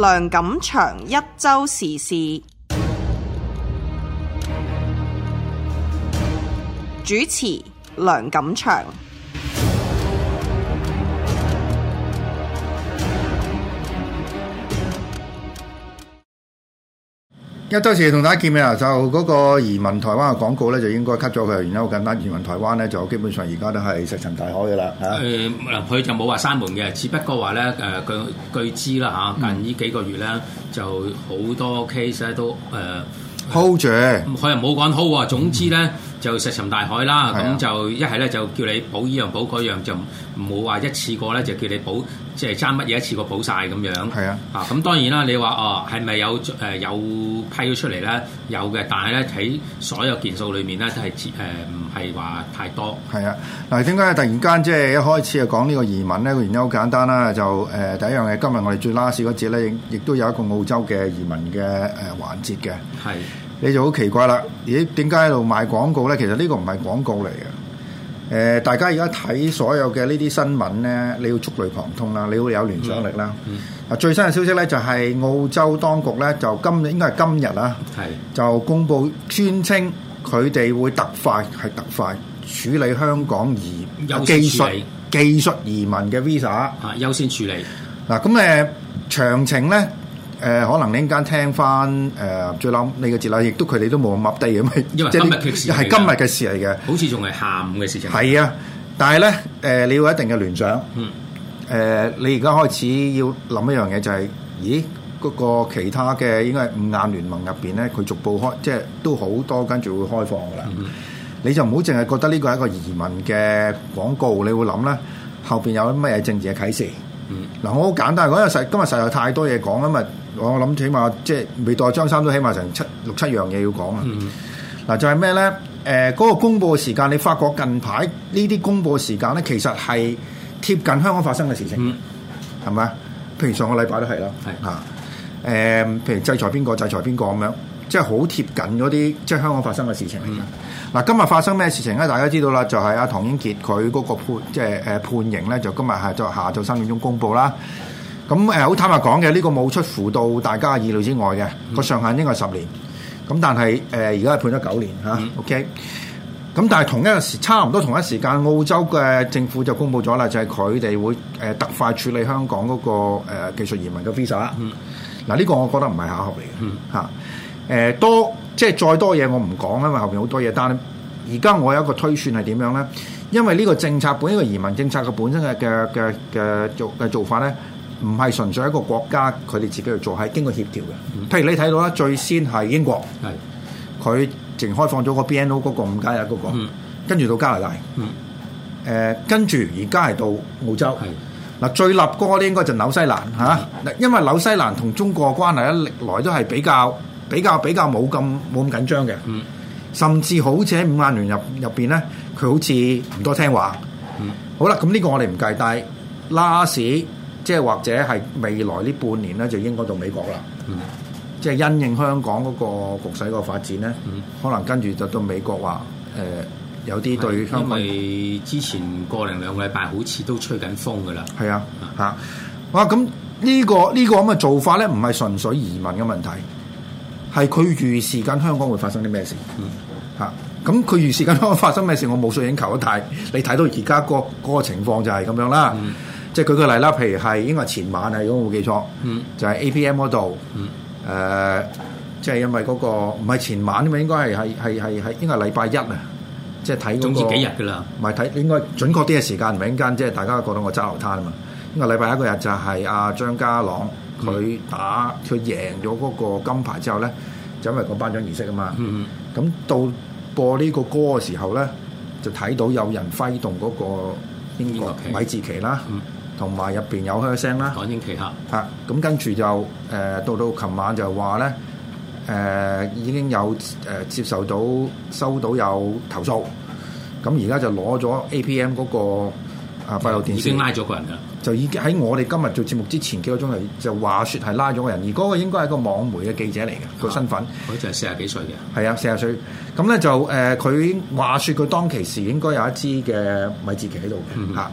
梁錦祥一周時事主持，梁錦祥。一週時同大家見面啊，就嗰個移民台灣嘅廣告咧，就應該 cut 咗佢。原因好簡單，移民台灣咧就基本上而家都係石沉大海嘅啦嚇。誒嗱、呃，佢就冇話閂門嘅，只不過話咧誒據據知啦嚇，近呢幾個月咧、嗯、就好多 case 咧都誒、呃、hold 住。佢又冇講 hold 啊，總之咧。嗯嗯就石沉大海啦，咁、啊、就一係咧就叫你補一樣補嗰樣，就唔好話一次過咧就叫你補，即係爭乜嘢一次過補晒。咁樣。係啊，啊咁當然啦，你話哦係咪有、呃、有批咗出嚟咧？有嘅，但係咧喺所有件數裏面咧都係唔係話太多。係啊，嗱點解突然間即係一開始就講呢個移民咧？個原因好簡單啦、啊，就、呃、第一樣嘢今日我哋最 last 嗰節咧，亦都有一個澳洲嘅移民嘅誒、呃、環節嘅。你就好奇怪啦！咦，點解喺度賣廣告呢？其實呢個唔係廣告嚟嘅。誒，大家而家睇所有嘅呢啲新聞呢，你要觸類旁通啦，你要有聯想力啦。啊，最新嘅消息呢就係澳洲當局呢就今日應該係今日啦，就公布宣稱佢哋會特快係特快處理香港移技術技術移民嘅 Visa 啊，優先處理。嗱咁誒，詳情呢。誒、呃，可能你陣間聽翻誒、呃，最諗你嘅節啦，亦都佢哋都冇咁低地咁，因為即係今日嘅事嚟嘅，好似仲係下午嘅事情。係啊，但係咧誒，你要有一定嘅聯想，誒、嗯呃，你而家開始要諗一樣嘢就係、是，咦嗰、那個其他嘅應該係五眼聯盟入面咧，佢逐步開，即係都好多跟住會開放噶啦。嗯、你就唔好淨係覺得呢個係一個移民嘅廣告，你會諗啦，後面有乜嘢政治嘅啟示？嗱、嗯呃，我好簡單，嗰日實今日實在有太多嘢講啊嘛～因為我諗起碼即係未到張三都起碼成七六七樣嘢要講、嗯、啊！嗱就係咩咧？誒、呃、嗰、那個公佈時間，你發覺近排呢啲公佈時間咧，其實係貼近香港發生嘅事情，係咪、嗯、譬如上個禮拜都係啦，係是啊誒、呃，譬如制裁邊個制裁邊個咁樣，即係好貼近嗰啲即係香港發生嘅事情嚟嘅。嗱、嗯啊，今日發生咩事情咧？大家知道啦，就係、是、阿、啊、唐英傑佢嗰個判即係誒判刑咧，就今日係喺下晝三點鐘公佈啦。咁好坦白講嘅，呢、呢個冇出乎到大家嘅意料之外嘅個、嗯、上限應該係十年咁，但係而家判咗九年嚇 O K. 咁但係同一個時差唔多同一時間，澳洲嘅政府就公布咗啦，就係佢哋會、呃、特快處理香港嗰、嗰個、呃、技術移民嘅 visa 啦、嗯。嗱，呢個我覺得唔係巧合嚟嘅、嗯啊、多即係再多嘢我唔講，因為後面好多嘢。但係而家我有一個推算係點樣咧？因為呢個政策本身，呢個、移民政策嘅本身嘅嘅嘅嘅做嘅做法咧。唔係純粹一個國家佢哋自己去做，係經過協調嘅。譬如你睇到啦，最先係英國，係佢淨開放咗、NO、個 BNO 嗰個五加一嗰個，是跟住到加拿大，誒是、呃、跟住而家係到澳洲。嗱是最立哥咧，應該就紐西蘭嚇，是因為紐西蘭同中國嘅關係咧，歷來都係比較比較比較冇咁冇咁緊張嘅。是甚至好似喺五眼聯入入邊咧，佢好似唔多聽話。是好啦，咁呢個我哋唔計，但拉士。即係或者係未來呢半年咧，就應該到美國啦。嗯，即係因應香港嗰個局勢個發展咧，嗯，可能跟住就到美國話誒、呃，有啲對香港，因為之前個零兩個禮拜好似都吹緊風噶啦。係啊，嚇哇、啊！咁呢、啊呢個呢、呢個咁嘅做法咧，唔係純粹移民嘅問題，係佢預示緊香港會發生啲咩事。嗯、啊，嚇咁佢預示緊香港發生咩事，我無所應求啊！但係你睇到而家個嗰、嗰個情況就係咁樣啦。嗯即係舉個例啦，譬如係應該係前晚啊，如果我冇記錯，嗯、就係 A P M 嗰度，誒、嗯，即係、呃就係、因為嗰、嗰個唔係前晚啊嘛，應該係應該係禮拜一啊，即係睇總之幾日㗎啦，唔係睇應該準確啲嘅時間，咪一間即係大家覺得我揸流攤啊嘛，因為禮拜一嗰日就係阿張家朗佢打佢贏咗嗰個金牌之後咧，就因為個頒獎儀式啊嘛，咁、嗯、到播呢個歌嘅時候咧，就睇到有人揮動嗰個英國米字旗啦。嗯 okay. 嗯同埋入邊有噓聲啦，港英其客。嚇、啊，咁跟住就誒、呃、到到琴晚就話咧，誒、呃、已經有誒、呃、接受到收到有投訴，咁而家就攞咗 A P M 嗰個啊快樂電視已經拉咗個人㗎，就已經喺我哋今日做節目之前幾個鐘頭就話説係拉咗個人，而嗰個應該係個網媒嘅記者嚟嘅個身份，佢就係四十幾歲嘅，係啊四十歲，咁咧就誒佢、呃、話説佢當其時應該有一支嘅米字旗喺度嘅嚇。嗯啊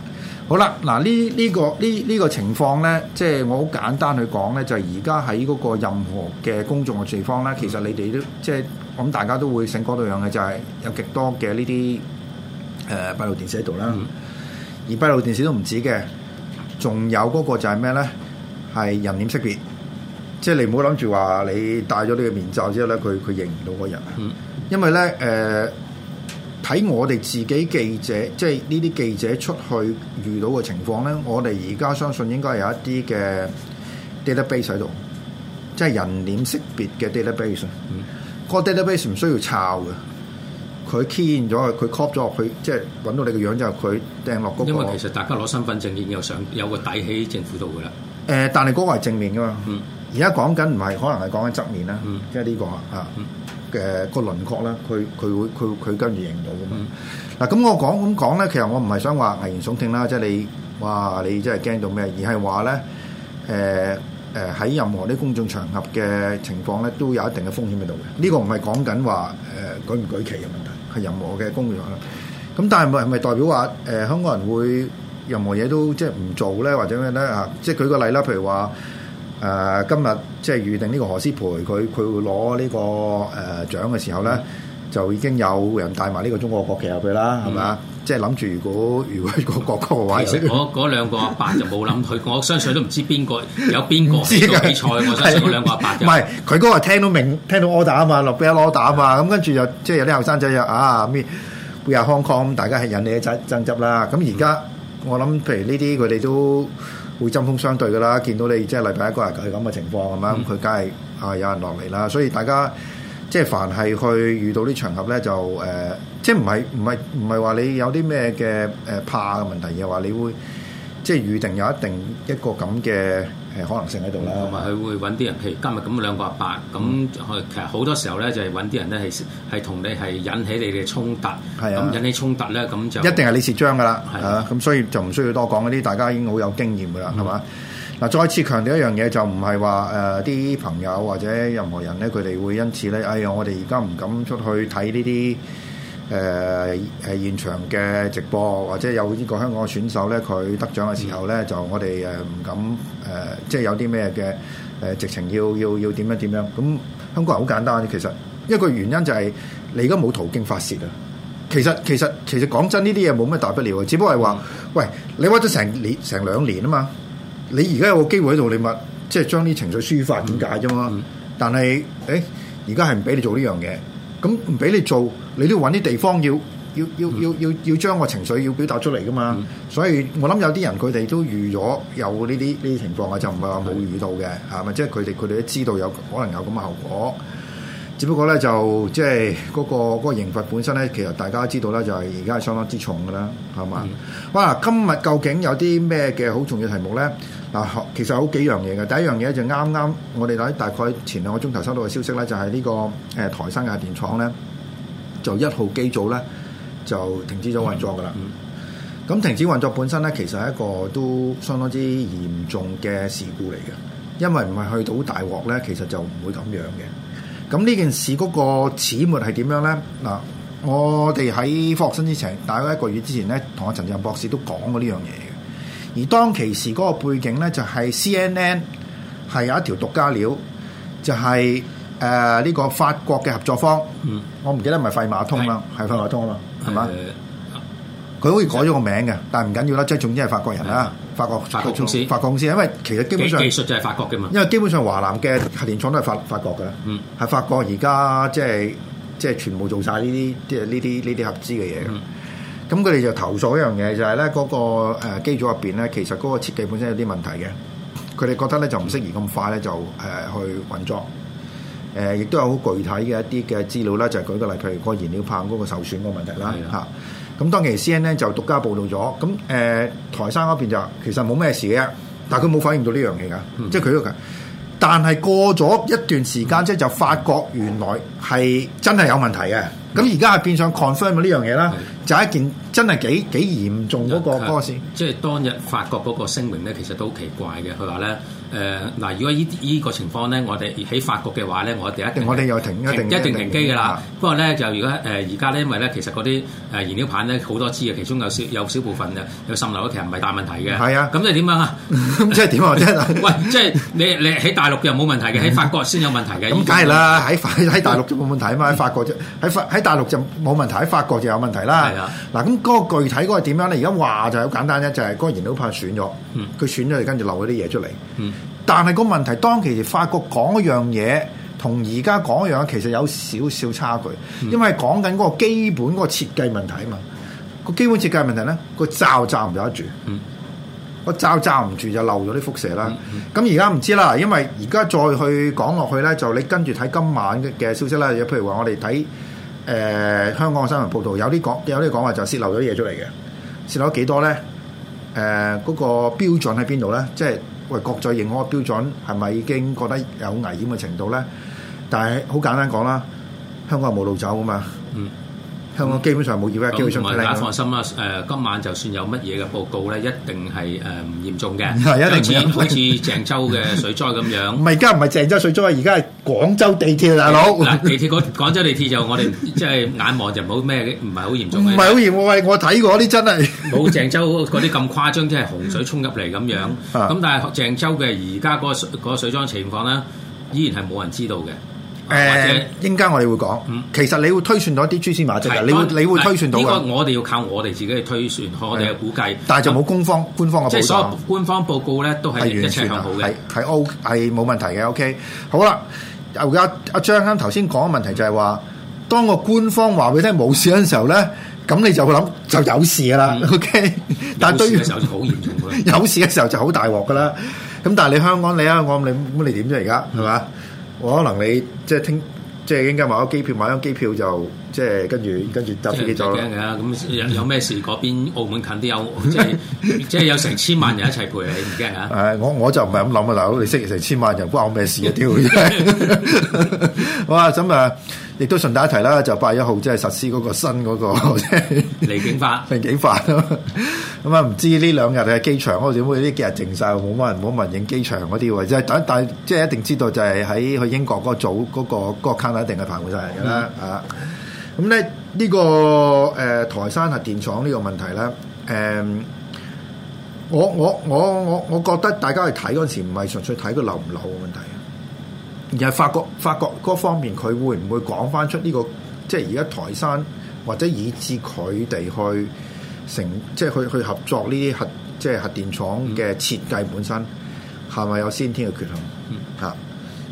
好啦，嗱呢呢個呢呢個情況咧，即係我好簡單去講咧，就係而家喺嗰個任何嘅公眾嘅地方咧，其實你哋都即係我諗大家都會醒光到樣嘅，就係有極多嘅呢啲誒閉路電視喺度啦，而閉路電視都唔止嘅，仲有嗰個就係咩咧？係人臉識別，即係你唔好諗住話你戴咗呢個面罩之後咧，佢佢認唔到個人，因為咧誒。呃睇我哋自己記者，即係呢啲記者出去遇到嘅情況咧，我哋而家相信應該有一啲嘅 database 喺度，即係人臉識別嘅 database。嗯，個 database 唔需要抄嘅，佢 key 咗佢，cop 咗落去，即係揾到你嘅樣就佢掟落嗰個。因為其實大家攞身份證已經有上有個底喺政府度嘅啦。誒、呃，但係嗰個係正面嘅嘛。嗯。而家講緊唔係，可能係講緊側面啦。嗯即係、呢個。即係呢個啊。嗯。嘅個輪廓啦，佢佢會佢佢跟住認到嘅嘛。嗱，咁我講咁講咧，其實我唔係想話危言聳聽啦，即係你哇你真係驚到咩？而係話咧，誒誒喺任何啲公眾場合嘅情況咧，都有一定嘅風險喺度嘅。呢個唔係講緊話誒舉唔舉旗嘅問題，係任何嘅工作啦。咁但係唔係代表話誒、呃、香港人會任何嘢都即係唔做咧，或者咩咧啊？即係舉個例啦，譬如話。誒、呃、今日即係預定呢個何詩蓓，佢佢會攞呢、這個誒、呃、獎嘅時候咧，就已經有人帶埋呢個中國國旗入去啦，係咪啊？即係諗住如果如果個國歌嘅話，我嗰兩個阿伯就冇諗佢， 我相信都唔知邊個有邊個比賽。我覺得嗰兩個阿伯唔係佢嗰個聽到明聽到 order 的、嗯就是、啊嘛，落俾 order 啊嘛，咁跟住就即係有啲後生仔又啊咩互相康咁大家係引你仔爭執啦。咁而家我諗，譬如呢啲佢哋都。會針鋒相對噶啦，見到你即係禮拜一嗰日係咁嘅情況咁啦，咁佢梗係啊有人落嚟啦。所以大家即係凡係去遇到啲場合咧，就誒、呃、即係唔係唔係唔係話你有啲咩嘅誒怕嘅問題，而係話你會即係預定有一定一個咁嘅，誒可能性喺度啦，同埋佢會揾啲人，譬如今日咁兩個阿伯，咁、嗯、其實好多時候咧，就係揾啲人咧係係同你係引起你哋衝突，係啊，咁引起衝突咧，咁就一定係你蝕章噶啦，係啊，咁、啊、所以就唔需要多講嗰啲，大家已經好有經驗噶啦，係嘛、嗯？嗱，再次強調一樣嘢，就唔係話誒啲朋友或者任何人咧，佢哋會因此咧，哎呀，我哋而家唔敢出去睇呢啲。誒誒、呃、現場嘅直播，或者有呢個香港嘅選手咧，佢得獎嘅時候咧，就我哋誒唔敢誒、呃，即係有啲咩嘅誒直情要要要點樣點樣？咁香港人好簡單，其實一個原因就係你而家冇途徑發泄啊！其實其實其實講真，呢啲嘢冇咩大不了啊！只不過係話，喂，你屈咗成年成兩年啊嘛，你而家有個機會喺度，你咪即係將啲情緒抒發點解啫嘛？但係誒，而家係唔俾你做呢樣嘢。咁唔俾你做，你都要揾啲地方要要要要要要將個情緒要表達出嚟噶嘛。嗯、所以我諗有啲人佢哋都預咗有呢啲呢啲情況啊，就唔係話冇預到嘅，係咪、嗯？即係佢哋佢哋都知道有可能有咁嘅後果，只不過咧就即係嗰個嗰個刑罰本身咧，其實大家知道咧就係而家係相當之重噶啦，係嘛？嗯、哇！今日究竟有啲咩嘅好重要題目咧？啊，其實有好幾樣嘢嘅。第一樣嘢就啱啱我哋喺大概前兩個鐘頭收到嘅消息咧，就係呢個誒台山嘅電廠咧，就一號機組咧就停止咗運作噶啦。咁、嗯嗯、停止運作本身咧，其實係一個都相當之嚴重嘅事故嚟嘅。因為唔係去到大鑊咧，其實就唔會咁樣嘅。咁呢件事嗰個始末係點樣咧？嗱，我哋喺發生之前大概一個月之前咧，同阿陳任博士都講過呢樣嘢。而當其時嗰個背景咧，就係 CNN 係有一條獨家料，就係誒呢個法國嘅合作方。嗯，我唔記得係咪費馬通啦，係費馬通啊嘛，係嘛？佢好似改咗個名嘅，但係唔緊要啦，即係總之係法國人啦，法國法國公司，法國公司，因為其實基本上技術就係法國嘅嘛。因為基本上華南嘅核電廠都係法法國嘅，嗯，係法國而家即係即係全部做晒呢啲即係呢啲呢啲合資嘅嘢。咁佢哋就投訴一樣嘢，就係咧嗰個機機組入面咧，其實嗰個設計本身有啲問題嘅。佢哋覺得咧就唔適宜咁快咧就去運作。亦、呃、都有好具體嘅一啲嘅資料啦，就係舉個例，譬如個燃料棒嗰個受損個問題啦咁的、啊、當其時 C N 咧就獨家報導咗，咁、呃、台山嗰邊就其實冇咩事嘅，但佢冇反現到呢樣嘢噶，嗯、即係佢都，個。但係過咗一段時間，嗯、即係就發覺原來係真係有問題嘅。咁而家係變相 confirm 呢樣嘢啦。就一件真係幾幾嚴重嗰個嗰個事，即係當日法國嗰個聲明咧，其實都好奇怪嘅。佢話咧。誒嗱，如果依依個情況咧，我哋喺法國嘅話咧，我哋一定我哋又停，一定停機㗎啦。不過咧就如果誒而家咧，因為咧其實嗰啲誒燃料棒咧好多支嘅，其中有少有少部分嘅，有滲漏，其實唔係大問題嘅。係啊，咁即係點樣啊？咁即係點啊？即係喂，即係你你喺大陸又冇問題嘅，喺法國先有問題嘅。咁梗係啦，喺喺大陸就冇問題啊嘛，喺法國就喺喺大陸就冇問題，喺法國就有問題啦。係啊，嗱，咁嗰個具體嗰個點樣咧？而家話就好簡單啫，就係嗰個燃料棒損咗，佢損咗就跟住漏咗啲嘢出嚟。但係個問題，當其時法國講一樣嘢，同而家講一樣，其實有少少差距，嗯、因為講緊嗰個基本嗰個設計問題啊嘛。個基本設計問題咧，個罩罩唔有得住，個、嗯、罩罩唔住就漏咗啲輻射啦。咁而家唔知啦，因為而家再去講落去咧，就你跟住睇今晚嘅消息啦。譬如話我哋睇誒香港嘅新聞報道，有啲講有啲講話就泄漏咗啲嘢出嚟嘅，泄漏咗幾多咧？誒、呃、嗰、嗰個標準喺邊度咧？即係。喂，國際認可嘅標準係咪已經覺得有危險嘅程度咧？但係好簡單講啦，香港係冇路走㗎嘛。嗯。香港基本上冇嘢嘅，唔係大家放心啦。今晚就算有乜嘢嘅報告咧，一定係唔嚴重嘅，係一定好似鄭州嘅水災咁樣。唔係，而家唔係鄭州水災，而家係廣州地鐵大佬。嗱，地鐵個廣州地鐵就我哋即係眼望就冇咩，唔係好嚴重嘅。唔係好嚴重，喂，我睇過啲真係冇鄭州嗰啲咁誇張，即係洪水沖入嚟咁樣。咁但係鄭州嘅而家嗰個水災情況咧，依然係冇人知道嘅。誒，應該我哋會講，其實你會推算到一啲蛛絲馬跡嘅，你會你會推算到嘅。我哋要靠我哋自己去推算，我哋嘅估計，但係就冇官方官方嘅報告。官方報告咧，都係完全向好嘅，係 O 係冇問題嘅。OK，好啦，又阿阿張頭先講嘅問題就係話，當個官方話俾你聽冇事嘅時候咧，咁你就會諗就有事㗎啦。OK，但對有事嘅時候就好嚴重有事嘅時候就好大鑊㗎啦。咁但係你香港，你香港，你咁你點啫？而家係嘛？可能你即係、就是、聽，即、就、係、是、應該買咗機票，買咗機票就即係跟住跟住搭飛機走。驚咁有咩事？嗰邊澳門近啲，有即係即係有成千萬人一齊陪你怕怕，唔驚吓。係我我就唔係咁諗啊！嗱，你識成千萬人關我咩事啊？屌！ 哇，咁啊～亦都順帶一提啦，就八月一號即係實施嗰個新嗰、那個離境法， 離境法咁啊，唔知呢兩日喺機場，我點會呢幾日靜曬，冇乜人，冇人影機場嗰啲喎。但但即係一定知道，就係喺去英國嗰組嗰、那個嗰、那個一定係排滿曬人嘅啦。嗯、啊，咁咧呢個誒、呃、台山核電廠呢個問題咧，誒、呃、我我我我我覺得大家去睇嗰陣時，唔係純粹睇佢留唔留嘅問題。而係法國，法國方面佢會唔會講翻出呢、呢個，即係而家台山或者以致佢哋去成，即係佢去合作呢啲核，即係核電廠嘅設計本身，係咪、嗯、有先天嘅缺陷？嚇、嗯，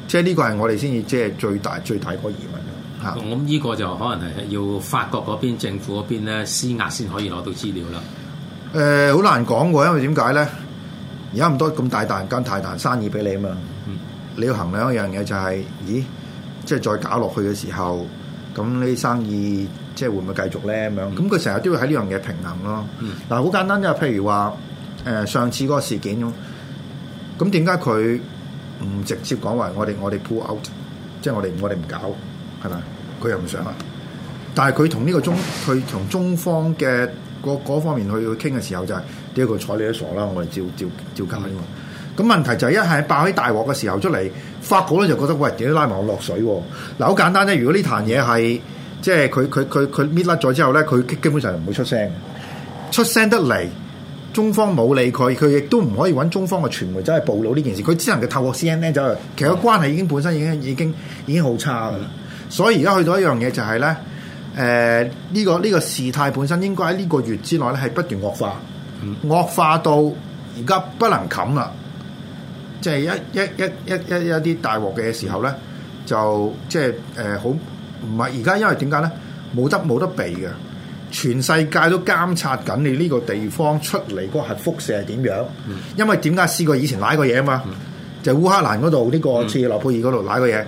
即係呢個係我哋先至，即係最大最大嗰疑問。嚇，我諗呢個就可能係要法國嗰邊政府嗰邊咧施壓先可以攞到資料啦、呃。誒，好難講喎，因為點解咧？而家咁多咁大啖間大啖生意俾你啊嘛。嗯你要衡量一樣嘢就係、是，咦，即係再搞落去嘅時候，咁呢生意即係會唔會繼續咧？咁、mm hmm. 樣，咁佢成日都會喺呢樣嘢平衡咯。嗱、mm，好、hmm. 啊、簡單啫，譬如話，誒、呃、上次嗰個事件咁，咁點解佢唔直接講話我哋我哋 pull out，即係我哋我哋唔搞，係咪？佢又唔想啊。但係佢同呢個中，佢同中方嘅嗰、那個、方面去去傾嘅時候、就是，就係呢一個睬你都傻啦，我哋照照照搞。Mm hmm. 咁問題就係一係爆起大鑊嘅時候出嚟，法國咧就覺得喂點解拉埋我落水、啊？嗱、啊、好簡單咧，如果呢壇嘢係即係佢佢佢佢搣甩咗之後咧，佢基本上唔會出聲。出聲得嚟，中方冇理佢，佢亦都唔可以搵中方嘅傳媒真係暴露呢件事。佢只能夠透過 C N N 走去。嗯、其實個關係已經本身已經已經已經好差㗎啦。嗯、所以而家去到一樣嘢就係、是、咧，誒呢呢個事態本身應該喺呢個月之內咧係不斷惡化，嗯、惡化到而家不能冚啦。即係一一一一一一啲大鑊嘅時候咧，就即係誒好唔係而家，因為點解咧？冇得冇得避嘅，全世界都監察緊你呢個地方出嚟嗰個核輻射係點樣。因為點解試過以前瀨過嘢啊嘛，嗯、就烏克蘭嗰度呢個切爾諾貝爾嗰度瀨過嘢，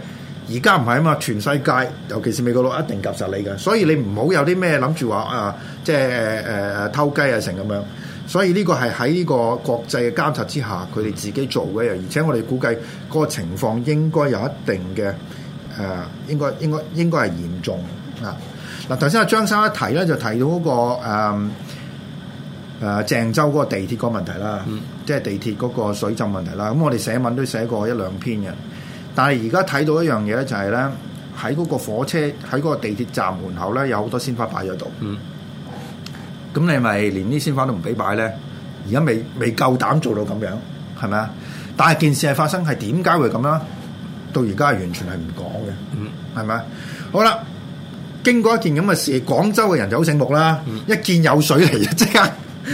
而家唔係啊嘛，全世界尤其是美國佬一定夾實你嘅，所以你唔好有啲咩諗住話啊，即係誒誒偷雞啊成咁樣。所以呢個係喺呢個國際嘅監察之下，佢哋自己做嘅，而且我哋估計嗰個情況應該有一定嘅誒、呃，應該應該應該係嚴重啊！嗱，頭先阿張生一提咧，就提到嗰、嗰個誒誒、嗯呃、鄭州嗰個地鐵嗰問題啦，即係、嗯、地鐵嗰個水浸問題啦。咁我哋寫文都寫過一兩篇嘅，但係而家睇到一樣嘢咧、就係，就係咧喺嗰個火車喺嗰個地鐵站門口咧，有好多鮮花擺咗度。嗯咁你咪連啲鮮花都唔俾擺咧？而家未未夠膽做到咁樣，係咪啊？但係件事係發生係點解會咁啦？到而家係完全係唔講嘅，嗯，係咪？好啦，經過一件咁嘅事，廣州嘅人就好醒目啦，一見有水嚟就即刻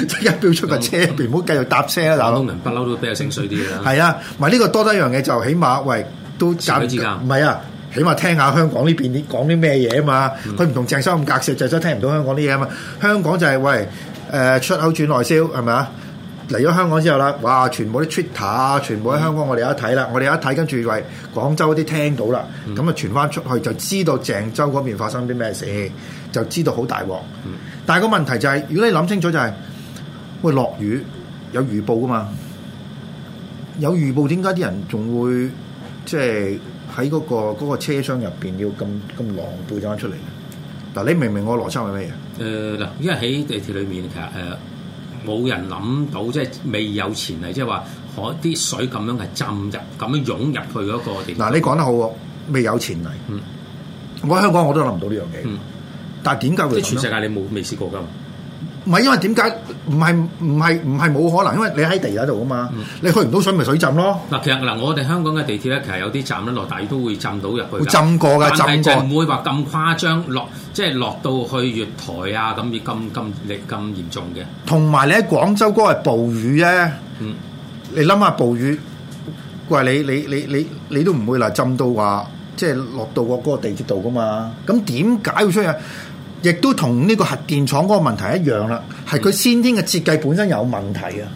即刻飆出個車，那別唔好繼續搭車啦嗱。普通人不嬲都比較醒水啲啦。係啊，唔係呢個多得一樣嘢就起碼，喂都減。唔係啊。起碼聽下香港呢邊啲講啲咩嘢啊嘛，佢唔同鄭州咁隔涉，鄭州聽唔到香港啲嘢啊嘛。香港就係、是、喂、呃、出口轉內銷係咪啊？嚟咗香港之後啦，哇！全部啲 Twitter 啊，全部喺香港我，嗯、我哋一睇啦，我哋一睇跟住喂廣州啲聽到啦，咁啊、嗯、傳翻出去就知道鄭州嗰邊發生啲咩事，就知道好大鑊。嗯、但係個問題就係、是，如果你諗清楚就係、是、喂落雨有預報㗎嘛，有預報點解啲人仲會即係？就是喺嗰、那個嗰、那個車廂入邊要咁咁狼背咗出嚟，嗱你明唔明白我邏輯係咩嘢？誒嗱、呃，因為喺地鐵裏面其實誒冇、呃、人諗到，即係未有前例，即係話可啲水咁樣係浸入，咁樣湧入去嗰個地鐵嗱、呃、你講得好喎，未有前例。嗯，我喺香港我都諗唔到呢樣嘢。嗯，但係點解會？全世界你冇未試過㗎。唔係因為點解，唔係唔係唔係冇可能？因為你喺地下度啊嘛，嗯、你去唔到水咪水浸咯。嗱，其實嗱，我哋香港嘅地鐵咧，其實有啲站咧落大都會浸到入去。會浸過嘅，浸過。但係就唔會話咁誇張落，即係落到去月台啊咁，咁咁力咁嚴重嘅。同埋你喺廣州嗰個暴雨咧，嗯、你諗下暴雨，喂，你你你你你都唔會嗱浸到話，即係落到個個地鐵度噶嘛。咁點解要出啊？亦都同呢個核電廠嗰個問題一樣啦，係佢先天嘅設計本身有問題啊。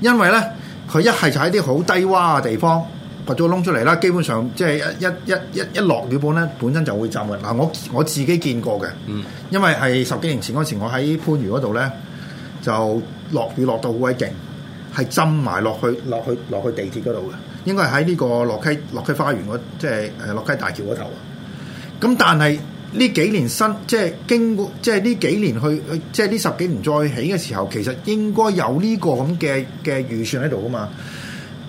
因為咧，佢一係就喺啲好低洼嘅地方掘咗個窿出嚟啦，基本上即係一一一一一落雨本咧，本身就會浸嘅。嗱，我我自己見過嘅，因為係十幾年前嗰陣時，我喺番禺嗰度咧，就落雨落到好鬼勁，係浸埋落去落去落去地鐵嗰度嘅。應該係喺呢個洛溪洛溪花園嗰即係誒洛溪大橋嗰頭啊。咁但係。呢幾年新即係經過，即係呢幾年去，即係呢十幾年再起嘅時候，其實應該有呢個咁嘅嘅預算喺度㗎嘛。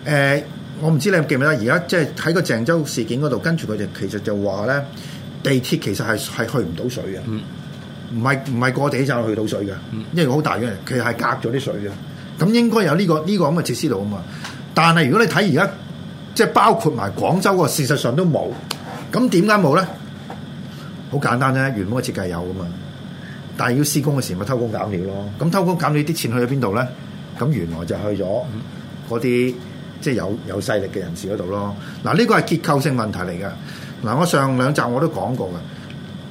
誒、呃，我唔知你記唔記得，而家即係喺個鄭州事件嗰度，跟住佢哋其實就話咧，地鐵其實係係去唔到水嘅，唔係唔係過地道去到水嘅，嗯、因為好大嘅，其實係隔咗啲水嘅。咁應該有呢、呢個呢、呢個咁嘅設施度啊嘛。但係如果你睇而家，即係包括埋廣州個事實上都冇，咁點解冇咧？好簡單啫，原本嘅設計有噶嘛，但係要施工嘅時咪偷工減料咯。咁偷工減料啲錢去咗邊度咧？咁原來就去咗嗰啲即係有有勢力嘅人士嗰度咯。嗱，呢個係結構性問題嚟噶。嗱，我上兩集我都講過噶，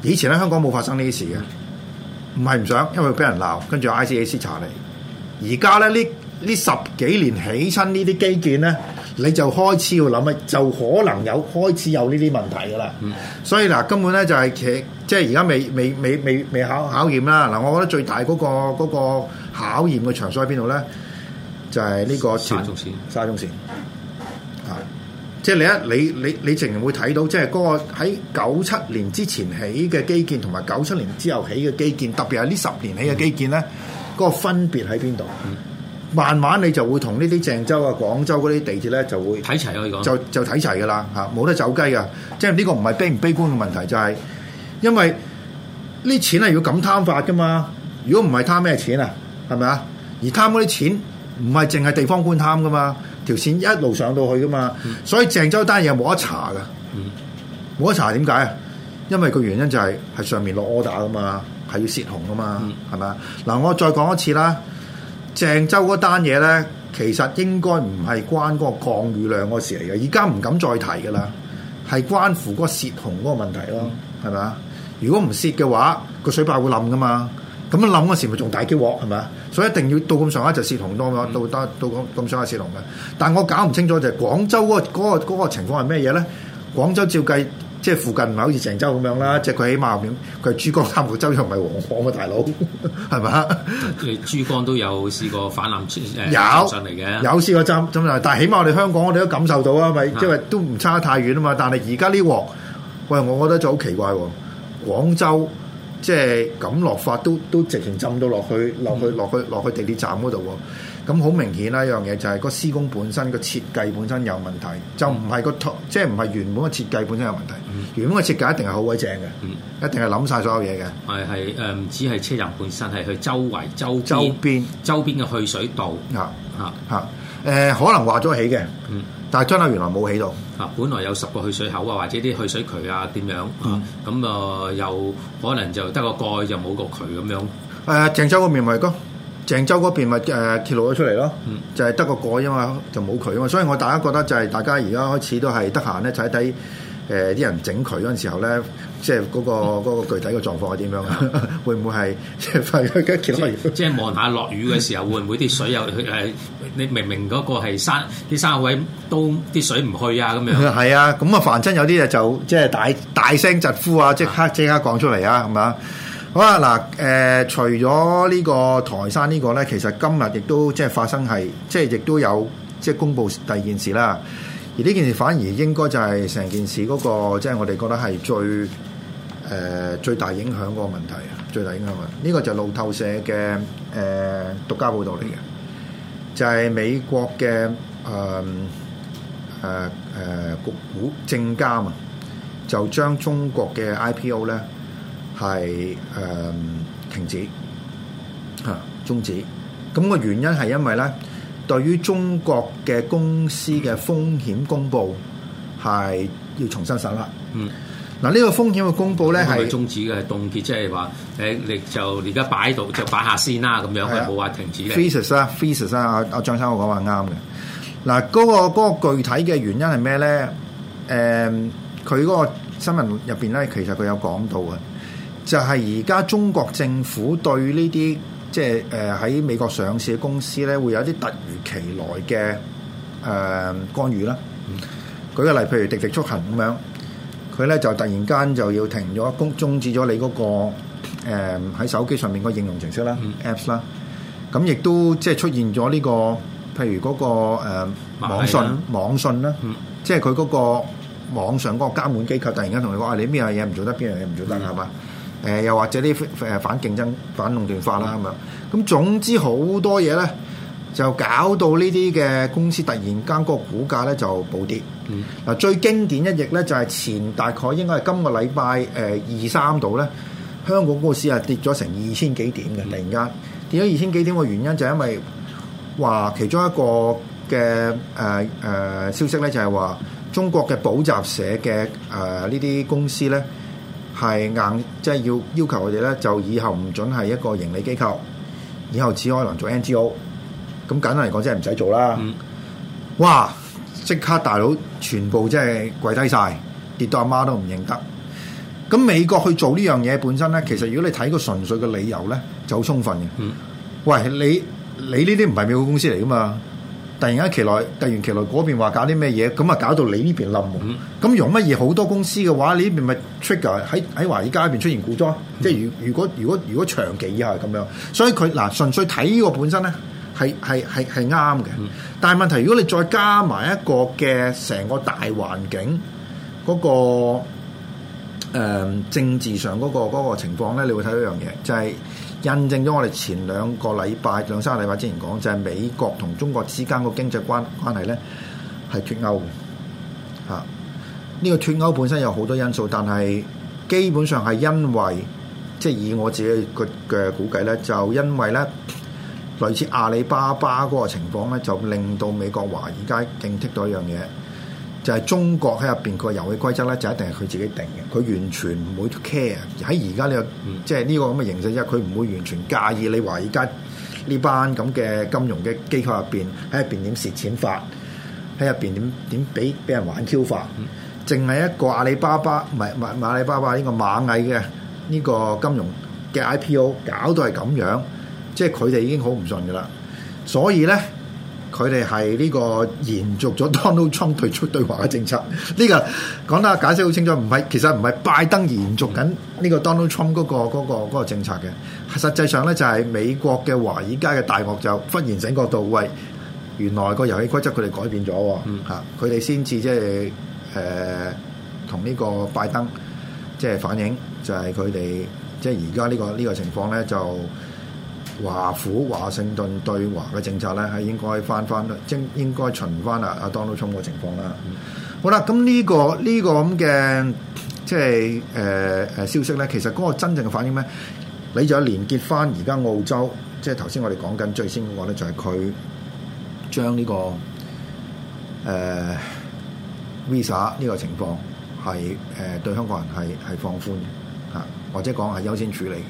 以前喺香港冇發生呢啲事嘅，唔係唔想，因為俾人鬧，跟住 ICAC 查嚟。而家咧呢呢十幾年起親呢啲基建咧。你就開始要諗啊，就可能有開始有呢啲問題㗎啦。嗯、所以嗱，根本咧就係、是、其即係而家未未未未未考考驗啦。嗱，我覺得最大嗰個嗰個考驗嘅場所喺邊度咧？就係、是、呢個沙中線。沙中線啊，即係你一你你你仍然會睇到，即係嗰個喺九七年之前起嘅基建同埋九七年之後起嘅基建，特別係呢十年起嘅基建咧，嗰、嗯、個分別喺邊度？嗯慢慢你就會同呢啲鄭州啊、廣州嗰啲地鐵咧就會睇齊，啊，可以講就就睇齊噶啦嚇，冇得走雞噶，即係呢個唔係悲唔悲觀嘅問題，就係、是、因為呢錢係要咁貪法噶嘛，如果唔係貪咩錢啊，係咪啊？而貪嗰啲錢唔係淨係地方官貪噶嘛，條線一路上到去噶嘛，所以鄭州單嘢冇得查噶，冇得查點解啊？因為個原因就係喺上面落 order 噶嘛，係要洩洪㗎嘛，係咪啊？嗱，我再講一次啦。鄭州嗰單嘢咧，其實應該唔係關嗰個降雨量嗰事嚟嘅，而家唔敢再提噶啦，係關乎嗰個泄洪嗰個問題咯，係咪啊？如果唔泄嘅話，個水壩會冧噶嘛，咁樣冧嗰時咪仲大啲鑊，係咪啊？所以一定要到咁上下就泄洪多咯，嗯，到到咁咁上下泄洪嘅。但我搞唔清楚就係廣州嗰個嗰個嗰個情況係咩嘢咧？廣州照計。即係附近唔係好似鄭州咁樣啦，即係佢起碼點？佢係珠江三角洲，又唔係黃黃嘅大佬，係咪？佢哋珠江都有試過氾濫誒，呃、有上嚟嘅，有試過浸浸，但係起碼我哋香港，我哋都感受到啊，咪因為都唔差太遠啊嘛。但係而家呢鑊，喂，我覺得就好奇怪喎。廣州即係咁落法，都都直情浸到落去，落去落去落去地鐵站嗰度喎。咁好明顯啦，一樣嘢就係個施工本身個設計本身有問題，就唔係、個即係唔係原本個設計本身有問題。原本個設計一定係好鬼正嘅，一定係諗晒所有嘢嘅。係係誒，唔止係車站本身，係去周圍周周、邊周邊嘅邊去水道啊啊啊！誒是是、呃，可能話咗起嘅，嗯、但係真係原來冇起到啊！本來有十個去水口啊，或者啲去水渠啊點樣、嗯、啊？咁啊、呃，又可能就得個蓋就冇個渠咁樣。誒、呃，鄭州個名為哥。鄭州嗰邊咪誒揭露咗出嚟咯，就係得個果啫嘛，就冇佢嘛，所以我大家覺得就係大家而家開始都係得閒咧睇睇誒啲人整渠嗰陣時候咧，即係嗰個具體嘅狀況係點樣啊？會唔會係即係即係望下落雨嘅時候，會唔會啲水又誒？你明明嗰個係山啲山位都啲水唔去啊咁樣？係啊，咁啊，凡真有啲嘢就即係大大聲疾呼啊，即刻即刻講出嚟啊，係咪啊？好啦，嗱，誒，除咗呢個台山這個呢個咧，其實今日亦都即係發生係，即係亦都有即係公布第二件事啦。而呢件事反而應該就係成件事嗰、那個，即係我哋覺得係最誒、呃、最大影響嗰個問題，最大影響啊！呢、這個就係路透社嘅誒獨家報導嚟嘅，就係、是、美國嘅誒誒誒股股證監啊，就將中國嘅 IPO 咧。係、嗯、停止嚇、啊、終止，咁、那個原因係因為咧，對於中國嘅公司嘅風險公佈係要重新審核。嗯，嗱呢、啊這個風險嘅公佈咧係、嗯、終止嘅，係凍結即係話你就而家擺度，就擺下先啦、啊，咁樣係冇話停止嘅。Freeze 啊，阿、啊啊、張生說的的，我講話啱嘅。嗱、那個，嗰個嗰個具體嘅原因係咩咧？誒、啊，佢嗰個新聞入面咧，其實佢有講到嘅。就係而家中國政府對呢啲即係誒喺美國上市嘅公司咧，會有一啲突如其來嘅誒、呃、干預啦。舉個例，譬如滴滴出行咁樣，佢咧就突然間就要停咗、終止咗你嗰、那個喺、呃、手機上面個應用程式啦、嗯、Apps 啦。咁亦都即係出現咗呢、這個，譬如嗰、那個誒、呃網信，嗯、網信、網信啦，嗯、即係佢嗰個網上嗰個監管機構突然間同你講：，啊，你咩樣嘢唔做得，邊樣嘢唔做得，係嘛、嗯？誒又或者啲誒反競爭、反壟斷法啦咁樣，咁、嗯、總之好多嘢咧，就搞到呢啲嘅公司突然間個股價咧就暴跌。嗱、嗯、最經典一役咧就係前大概應該係今個禮拜誒二三度咧，香港股市係跌咗成二千幾點嘅。突然間跌咗二千幾點嘅原因就係因為話其中一個嘅誒誒消息咧就係話中國嘅補習社嘅誒呢啲公司咧。係硬，即係要要求我哋咧，就以後唔准係一個盈利機構，以後只可能做 NGO。咁簡單嚟講，即係唔使做啦。哇！即刻大佬全部即係跪低晒，跌到阿媽都唔認得。咁美國去做呢樣嘢本身咧，其實如果你睇個純粹嘅理由咧，就好充分嘅。嗯、喂，你你呢啲唔係美國公司嚟㗎嘛？突然間其來，期內突然期內嗰邊話搞啲咩嘢，咁啊搞到你呢邊冧。咁容乜嘢好多公司嘅話，你呢邊咪 trigger？喺喺華爾街嗰邊出現故障，嗯、即係如如果如果如果長期以下咁樣，所以佢嗱純粹睇呢個本身咧，係係係係啱嘅。嗯、但係問題，如果你再加埋一個嘅成個大環境嗰、嗰個、呃、政治上嗰、嗰個嗰個情況咧，你會睇到一樣嘢，就係、係。印證咗我哋前兩個禮拜兩三個禮拜之前講，就係、是、美國同中國之間個經濟關關係咧，係脫鈎吓。呢個脫鈎本身有好多因素，但係基本上係因為即係以我自己個嘅估計咧，就因為咧類似阿里巴巴嗰個情況咧，就令到美國華爾街警惕到一樣嘢。就係中國喺入邊個遊戲規則咧，就一定係佢自己定嘅。佢完全唔會 care 喺喺、呢個。喺而家呢個即係呢個咁嘅形勢，一佢唔會完全介意你話而家呢班咁嘅金融嘅機構入邊，喺入邊點蝕錢法，喺入邊點點俾俾人玩 Q 法，淨係、嗯、一個阿里巴巴，唔係唔係阿里巴巴呢、呢個螞蟻嘅呢、呢個金融嘅 IPO 搞到係咁樣，即係佢哋已經好唔順㗎喇。所以咧。佢哋係呢個延續咗 Donald Trump 退出對華嘅政策。呢個講得解釋好清楚，唔係其實唔係拜登延續緊呢個 Donald Trump 嗰個嗰個嗰個政策嘅。實際上咧就係美國嘅華爾街嘅大鱷就忽然醒覺到，喂，原來個遊戲規則佢哋改變咗，嚇佢哋先至即係誒同呢個拜登即係反映，就係佢哋即係而家呢個呢個情況咧就。華府、華盛頓對華嘅政策咧，係應該翻翻啦，應該循翻啊，阿 Donald Trump 個情況啦。嗯、好啦，咁呢、呢個呢咁嘅即係、呃、消息咧，其實嗰個真正嘅反應咧，你仲要連結翻而家澳洲，即係頭先我哋講緊最先嘅話咧，就係、係、佢將呢、呢個、呃、Visa 呢個情況係、呃、對香港人係放寬，或者講係優先處理。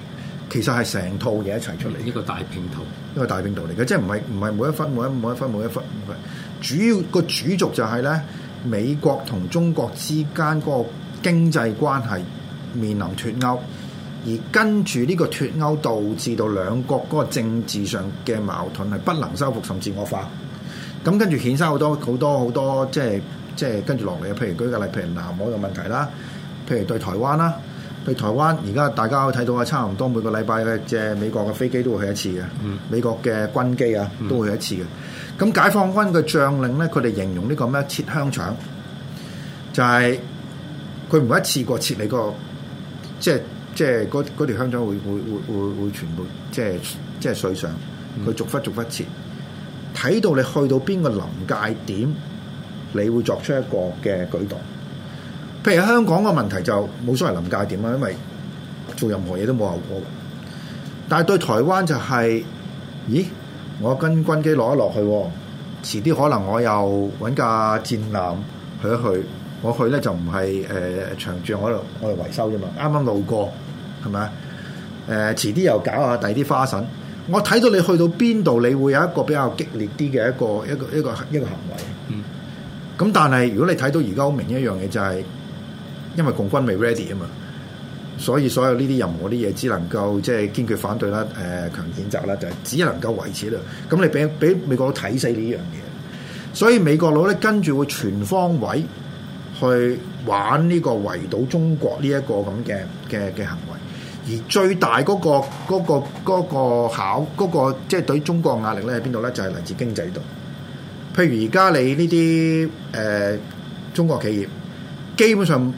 其實係成套嘢一齊出嚟，呢個大拼圖，呢個大拼圖嚟嘅，即係唔係唔係每一分、每一分、每一分、每一分。主要個主軸就係咧，美國同中國之間嗰個經濟關係面臨脫歐，而跟住呢個脫歐導致到兩國嗰個政治上嘅矛盾係不能修復，甚至惡化。咁跟住衍生好多好多好多，即係即係跟住落嚟啊！譬如舉個例，譬如南海嘅問題啦，譬如對台灣啦。去台灣，而家大家睇到啊，差唔多每個禮拜嘅即係美國嘅飛機都會去一次嘅，嗯、美國嘅軍機啊都會去一次嘅。咁、嗯、解放軍嘅將領咧，佢哋形容呢個咩？切香腸就係佢唔會一次過切你個，即係即係嗰條香腸會會會會會全部即係即係碎上，佢逐忽逐忽切，睇、嗯、到你去到邊個臨界點，你會作出一個嘅舉動。譬如香港個問題就冇所謂臨界點啦，因為做任何嘢都冇後果嘅。但係對台灣就係、是，咦？我跟軍機落一落去，遲啲可能我又揾架戰艦去一去。我去咧就唔係誒長住嗰度，我係維修啫嘛。啱啱路過係咪啊？誒、呃，遲啲又搞下第二啲花臣。我睇到你去到邊度，你會有一個比較激烈啲嘅一個一個一個一個行為。嗯。咁但係如果你睇到而家好明顯一樣嘢就係、是。因為共軍未 ready 啊嘛，所以所有呢啲任何啲嘢，只能夠即係堅決反對啦，誒強譴責啦，就係只能夠維持啦。咁你俾俾美國佬睇死呢樣嘢，所以美國佬咧跟住會全方位去玩呢個圍堵中國呢一個咁嘅嘅嘅行為。而最大嗰個嗰個嗰個考嗰個，即係對中國嘅壓力咧喺邊度咧？就係嚟自經濟度。譬如而家你呢啲誒中國企業，基本上。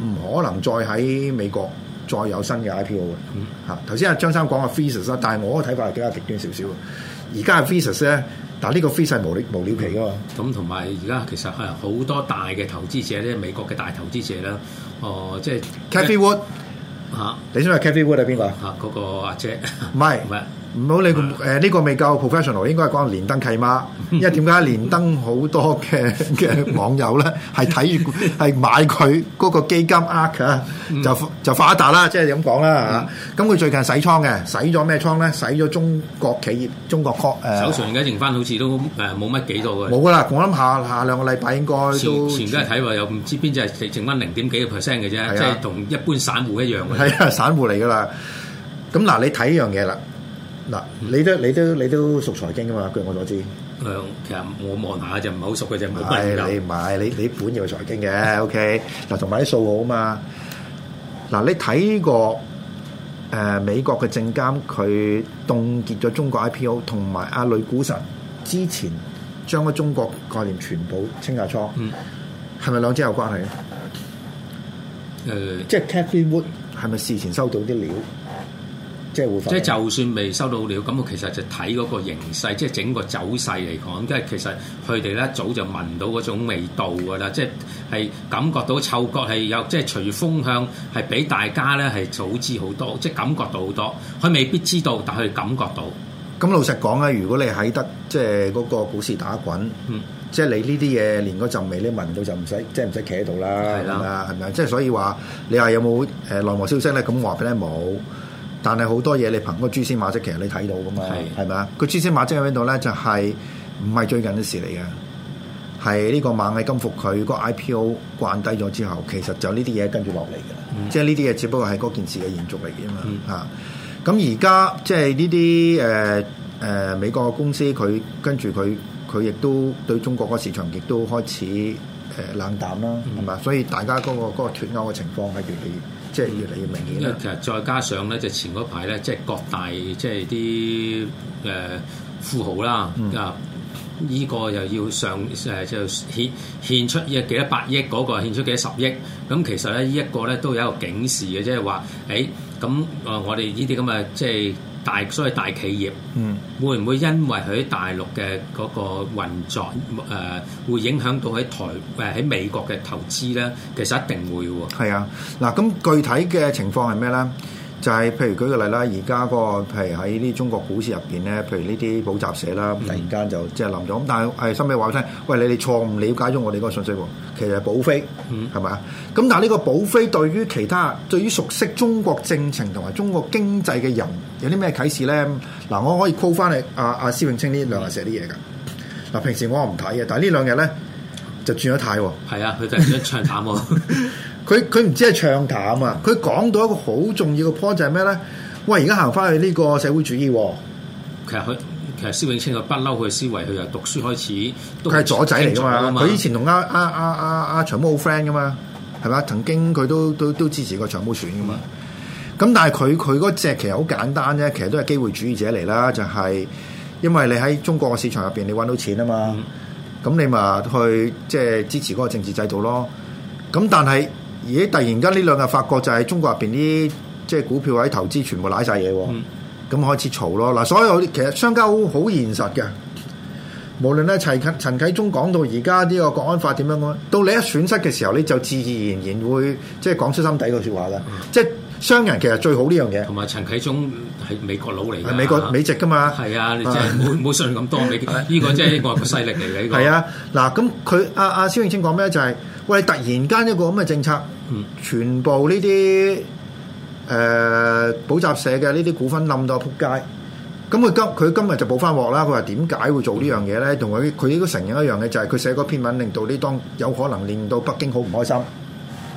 唔可能再喺美國再有新嘅 IPO 嘅嚇。頭先阿張生講阿 Fees 啊，但係我嘅睇法係比較極端少少嘅。而家阿 Fees 咧，但係呢個飛曬無力無料皮啊嘛。咁同埋而家其實係好、啊、多大嘅投資者咧，美國嘅大投資者咧，哦，即係 Cathy Wood 嚇。你知唔知 Cathy Wood 係邊個啊？嗰個阿姐唔係。My 是唔好理佢，誒呢個未夠 professional，應該係講連登契媽。因為點解連登好多嘅嘅網友咧係睇住係買佢嗰個基金 ARK 嘅、嗯，就就發達啦，即係咁講啦嚇。咁佢、嗯、最近洗倉嘅，洗咗咩倉咧？洗咗中國企業、中國科、誒，手上而家剩翻好似都誒冇乜幾多嘅。冇㗎啦，我諗下下兩個禮拜應該都前幾日睇話又唔知邊隻係剩剩翻零點幾個 percent 嘅啫，是的 即係同一般散戶一樣嘅。係啊，散戶嚟㗎啦。咁嗱，你睇呢樣嘢啦。嗱、嗯，你都你都你都熟財經噶嘛？據我所知，誒、嗯，其實我望下就唔係好熟嘅啫。唔係不你唔係你你本就財經嘅，O K。嗱、 okay，同埋啲數號啊嘛。嗱，你睇過誒美國嘅證監佢凍結咗中國 IPO，同埋阿雷股神之前將中國概念全部清下倉，嗯，係咪兩者有關係誒，呃、即係 Cathie Wood 係咪事前收到啲料？即係，即就算未收到料，咁我其實就睇嗰個形勢，即係整個走勢嚟講，即係其實佢哋咧早就聞到嗰種味道㗎啦，即係係感覺到嗅覺係有，即係隨風向係俾大家咧係早知好多，即係感覺到好多。佢未必知道，但佢感覺到。咁、嗯、老實講咧，如果你喺得即係嗰個股市打滾，嗯，即係你呢啲嘢連嗰陣味你聞到就唔使，即係唔使企喺度啦，係啦的，係咪？即係所以話，你話有冇誒、呃、內幕消息咧？咁我話俾你冇。但係好多嘢你憑嗰個蛛絲馬跡其實你睇到噶嘛？係咪啊？個蛛絲馬跡喺邊度咧？就係唔係最近啲事嚟嘅？係呢個螞蟻金服佢個 IPO 慣低咗之後，其實就呢啲嘢跟住落嚟嘅，即係呢啲嘢只不過係嗰件事嘅延續嚟嘅嘛。嚇、嗯！咁而家即係呢啲誒誒美國公司佢跟住佢佢亦都對中國個市場亦都開始誒、呃、冷淡啦，係嘛？嗯、所以大家嗰、那個嗰、那個脫鈎嘅情況係越嚟越即係越嚟越明顯，因為其實再加上咧，就前嗰排咧，即係各大即係啲誒富豪啦，啊，依個又要上誒就獻獻出依個幾多百億嗰個，獻出幾多十億，咁其實咧依一個咧都有一個警示嘅，即係話，誒咁誒我哋呢啲咁嘅即係。就是大，所以大企業，嗯，會唔會因為佢喺大陸嘅嗰個運作誒、呃，會影響到喺台誒，喺美國嘅投資咧？其實一定會喎。係啊，嗱，咁具體嘅情況係咩咧？就係譬如舉個例啦，而家個譬如喺呢中國股市入邊咧，譬如呢啲補習社啦，突然間就即係冧咗。咁、嗯、但係心尾話佢聽，喂，你哋錯誤，唔了解咗我哋嗰個信息喎。其實補飛，是嗯，係咪啊？咁但係呢個補飛對於其他對於熟悉中國政情同埋中國經濟嘅人，有啲咩啟示咧？嗱，我可以 call 翻你阿阿、啊啊、施永青呢兩日寫啲嘢㗎。嗱，平時我唔睇嘅，但係呢兩日咧就轉咗態喎、哦。係啊，佢就係一唱淡喎。佢佢唔知係唱談啊嘛，佢講到一個好重要嘅 point 就係咩咧？喂，而家行翻去呢個社會主義。其實佢其實施永青嘅不嬲嘅思維，佢由讀書開始都係左仔嚟㗎嘛。佢以前同阿阿阿阿阿長毛好 friend 㗎嘛，係咪？曾經佢都都都支持個長毛選㗎嘛。咁、嗯、但係佢佢嗰隻其實好簡單啫，其實都係機會主義者嚟啦。就係、是、因為你喺中國嘅市場入邊你揾到錢啊嘛，咁、嗯、你咪去即係、就是、支持嗰個政治制度咯。咁但係。咦，突然間呢兩日發覺，就係中國入邊啲即係股票或者投資全部瀨晒嘢，咁開始嘈咯。嗱，所以我其實商家好現實嘅，無論咧陳陳啟宗講到而家呢個國安法點樣安，到你一損失嘅時候，你就自自然然會即係講出心底個説話啦。即係商人其實最好呢樣嘢，同埋陳啟宗係美國佬嚟嘅，美國美籍噶嘛。係啊，你真係冇冇信咁多？你呢、哎、個真係呢個勢力嚟嘅。係、這個、啊，嗱，咁佢阿阿蕭遠清講咩就係、是？喂！突然間一個咁嘅政策，嗯、全部呢啲誒補習社嘅呢啲股份冧到撲街，咁佢今佢今日就補翻鑊啦。佢話點解會做這樣呢樣嘢咧？同佢佢亦都承認一樣嘅就係佢寫嗰篇文，令到呢當有可能令到北京好唔開心，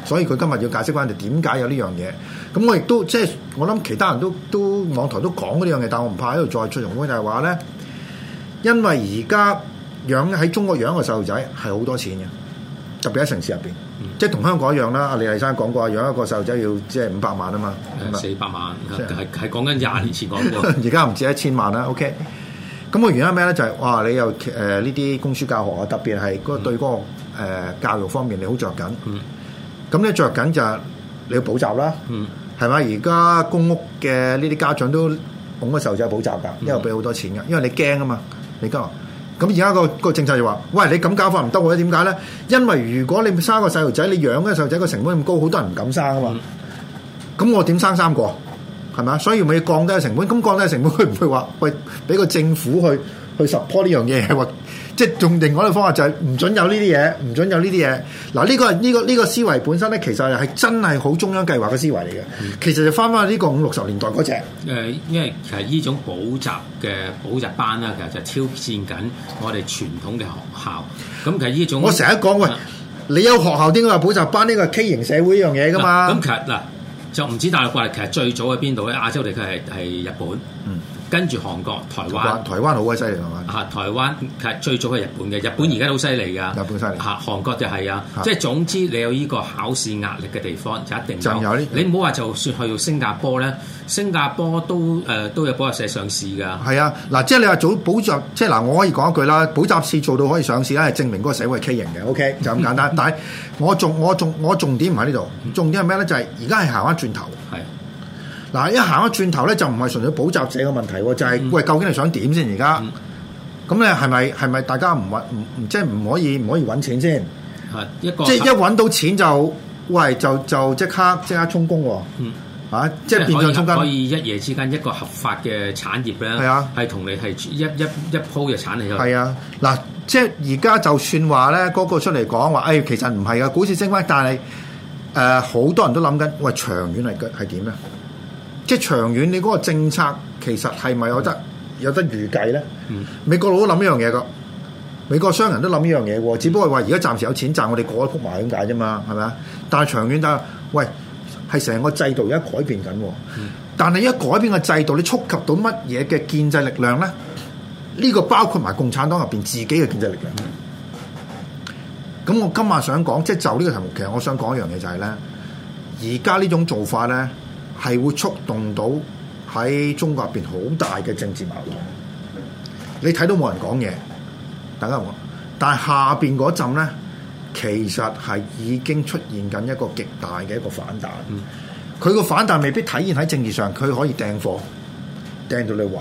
所以佢今日要解釋翻就點解有呢樣嘢。咁我亦都即係我諗其他人都都網台都講過呢樣嘢，但係我唔怕喺度再出容聲就係話咧，因為而家養喺中國養一個細路仔係好多錢嘅。特別喺城市入邊，嗯、即係同香港一樣啦。阿李麗珊講過，養一個細路仔要即係五百萬啊嘛，四百萬係係講緊廿年前講過，而家唔止一千萬啦。OK，咁個原因咩咧？就係、是、哇，你又誒呢啲公書教學啊，特別係嗰對嗰、嗰個、嗯呃、教育方面你好着緊。咁、嗯、你着緊就係、你要補習啦。嗯，係嘛？而家公屋嘅呢啲家長都捧個細路仔補習㗎，嗯、因為俾好多錢㗎，因為你驚啊嘛，你講。咁而家個個政策就話，喂，你咁搞法唔得喎？點解咧？因為如果你生個細路仔，你養個個細路仔個成本咁高，好多人唔敢生啊嘛。咁、嗯、我點生三個？係咪啊？所以咪要降低成本。咁降低成本會會，佢唔會話，喂，俾個政府去去 support 呢樣嘢喎。即係仲另外一方法，就係唔準有呢啲嘢，唔準有呢啲嘢。嗱、呢個，呢、呢個係呢個呢個思維本身咧，其實係真係好中央計劃嘅思維嚟嘅。嗯、其實就翻翻呢個五六十年代嗰隻、呃。因為其實呢種補習嘅補習班啦，其實就係挑戰緊我哋傳統嘅學校。咁其實呢種我成日講喂，啊、你有學校點解話補習班呢、呢個畸形社會一樣嘢㗎嘛？咁、啊、其實嗱。啊就唔知大陸過嚟，其實最早喺邊度咧？亞洲地區係日本，嗯、跟住韓國、台灣。台灣好鬼犀利，台灣嚇！台灣其實最早係日本嘅，日本而家都好犀利㗎。日本犀利嚇！韓國就係、是、啊，的即係總之你有呢個考試壓力嘅地方就一定有、這個。你唔好話，就算去到新加坡咧。新加坡都誒、呃、都有補習社上市㗎。係啊，嗱、就是，即係你話早補習，即係嗱，我可以講一句啦，補習社做到可以上市咧，係證明嗰個社會係畸形嘅。OK，就咁簡單。 但係我重我重我，我，我重點唔喺呢度，重點係咩咧？就係而家係行翻轉頭。係的。嗱、啊，一行翻轉頭咧，就唔係純粹補習社嘅問題，就係、是、喂，嗯、究竟你現在想點先而家？咁你係咪係咪大家唔揾唔即係唔可以唔可以揾錢先？係一個。即係一揾到錢就喂就就即刻即刻充公喎、哦。嗯啊、即係變咗，中間，可以一夜之間一個合法嘅產業咧，係啊，係同你係一一一,一鋪嘅產嚟。咗。係啊，嗱，即係而家就算話咧，嗰、那個出嚟講話，誒、哎，其實唔係啊。股市升翻，但係誒好多人都諗緊，喂，長遠係嘅係點咧？即係長遠，你嗰個政策其實係咪有得有得預計咧？嗯、美國佬都諗呢樣嘢噶，美國商人都諗呢樣嘢喎，只不過話而家暫時有錢賺，我哋過一鋪買咁解啫嘛，係咪啊？但係長遠得，喂。係成個制度而家改變緊，但係一改變個制度，你觸及到乜嘢嘅建制力量咧？呢、這個包括埋共產黨入邊自己嘅建制力量。咁我今日想講，即係就呢個題目，其實我想講一樣嘢就係、是、咧，而家呢種做法咧，係會觸動到喺中國入邊好大嘅政治矛盾。你睇到冇人講嘢，大家，但係下邊嗰陣咧。其實係已經出現緊一個極大嘅一個反彈，佢個反彈未必體現喺政治上，佢可以掟貨掟到你暈，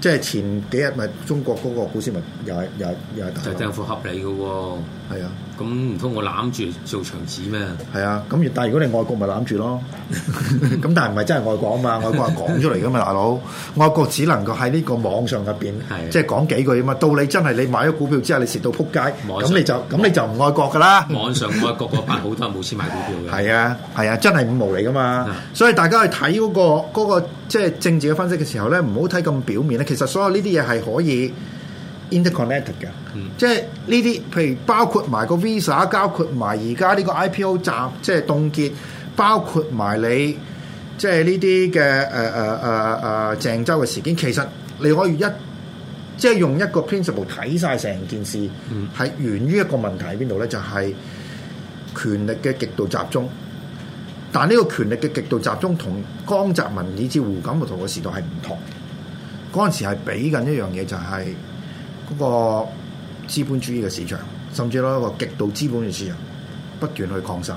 即係前幾日咪中國嗰個股市咪又係又又係大。就係掟貨合理嘅喎、哦，係啊。咁唔通我攬住做牆紙咩？係啊，咁但係如果你國 外國咪攬住咯，咁但係唔係真係外國啊嘛？外國係講出嚟噶嘛，大佬。 外國只能夠喺呢個網上入面，即係講幾句啊嘛。到你真係你買咗股票之後，你蝕到撲街，咁上你就咁網你就唔愛國噶啦。網上愛國嗰版好多冇錢買股票嘅。係 啊，係啊，真係五毛嚟噶嘛。 所以大家去睇嗰、嗰個即係、嗰個、政治嘅分析嘅時候咧，唔好睇咁表面咧。其實所有呢啲嘢係可以。interconnected 嘅，嗯、即係呢啲，譬如包括埋個 Visa，包括埋而家呢個 IPO 集，即係凍結，包括埋你，即係呢啲嘅誒誒誒誒鄭州嘅事件，其實你可以一，即係用一個 principle 睇晒成件事，係、嗯、源於一個問題喺邊度咧？就係、是、權力嘅極度集中，但呢個權力嘅極度集中同江澤民以至胡錦濤個時代係唔同，嗰陣時係畀緊一樣嘢就係、是。嗰個資本主義嘅市場，甚至攞一個極度資本嘅市場不斷去擴散，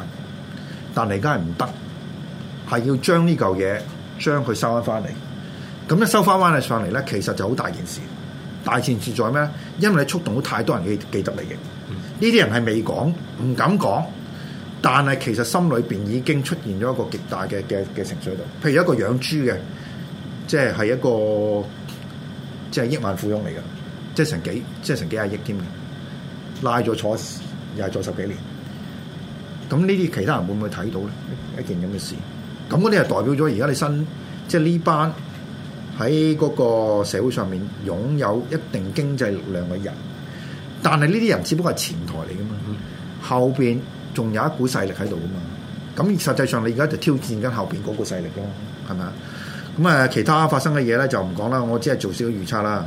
但係而家係唔得，係要將呢嚿嘢將佢收翻翻嚟。咁一收翻翻嚟上嚟咧，其實就好大件事。大件事在咩咧？因為你觸動到太多人嘅記得嚟嘅。呢啲人係未講，唔敢講，但係其實心裏邊已經出現咗一個極大嘅嘅嘅情緒喺度。譬如一個養豬嘅，即係係一個即係億萬富翁嚟嘅。即係成幾，即係成幾廿億添嘅，拉咗坐，又係坐十幾年。咁呢啲其他人會唔會睇到咧？一件咁嘅事。咁嗰啲係代表咗而家你身，即係呢班喺嗰個社會上面擁有一定經濟力量嘅人。但係呢啲人只不過係前台嚟噶嘛，後邊仲有一股勢力喺度噶嘛。咁實際上你而家就挑戰緊後邊嗰股勢力咯，係咪啊？咁啊，其他發生嘅嘢咧就唔講啦，我只係做少少預測啦。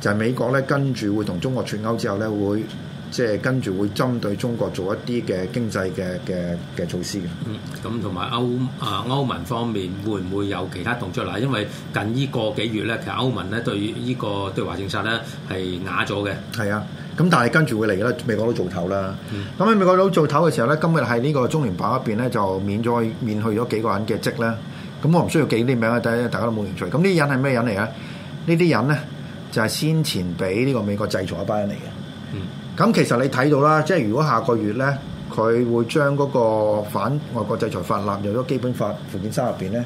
就係美國咧，跟住會同中國串歐之後咧，會即係跟住會針對中國做一啲嘅經濟嘅嘅嘅措施嘅。嗯，咁同埋歐啊歐盟方面會唔會有其他動作啦？因為近呢個幾月咧，其實歐盟咧對呢、呢個對華政策咧係啞咗嘅。係啊，咁但係跟住會嚟嘅啦，美國都做頭啦。咁喺、嗯、美國都做頭嘅時候咧，今日喺呢個中聯辦一邊咧就免咗免去咗幾個人嘅職啦。咁我唔需要記啲名啊，大家大家都冇興趣。咁呢啲人係咩人嚟啊？呢啲人咧？就係先前俾呢個美國制裁一班人嚟嘅，咁、嗯、其實你睇到啦，即係如果下個月咧，佢會將嗰個反外國制裁法納入咗基本法附件三入面咧，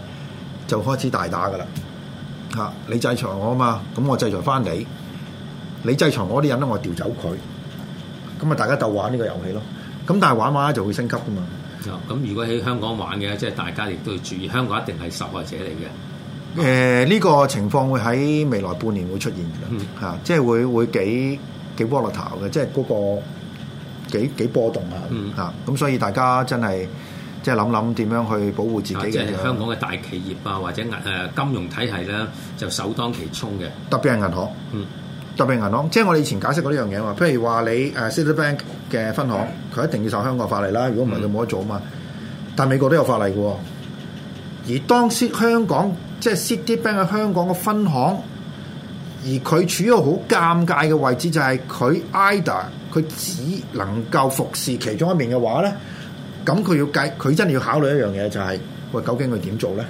就開始大打噶啦吓，你制裁我啊嘛，咁我制裁翻你，你制裁我啲人咧，我調走佢，咁啊大家鬥玩呢個遊戲咯。咁但係玩玩就會升級噶嘛。咁如果喺香港玩嘅，即係大家亦都要注意，香港一定係受害者嚟嘅。誒呢、呃這個情況會喺未來半年會出現嘅，嚇、嗯啊，即係會會幾幾 volatile 嘅，即係嗰個幾波動，幾幾波動、嗯、啊，嚇！咁所以大家真係即係諗諗點樣去保護自己嘅。啊就是、香港嘅大企業啊，或者銀誒、啊、金融體系咧、啊，就首當其衝嘅。特別係銀行，嗯，特別係銀行，即係我哋以前解釋過呢樣嘢啊嘛。譬如話你誒 Citibank 嘅分行，佢是的 一定要受香港法例啦，如果唔係佢冇得做啊嘛。嗯、但美國都有法例嘅喎。而當 c 香港即係 City Bank 喺香港嘅分行，而佢處於好尷尬嘅位置，就係佢 IDA 佢只能夠服侍其中一面嘅話咧，咁佢要計，佢真係要考慮一樣嘢，就是，就係喂，究竟佢點做咧？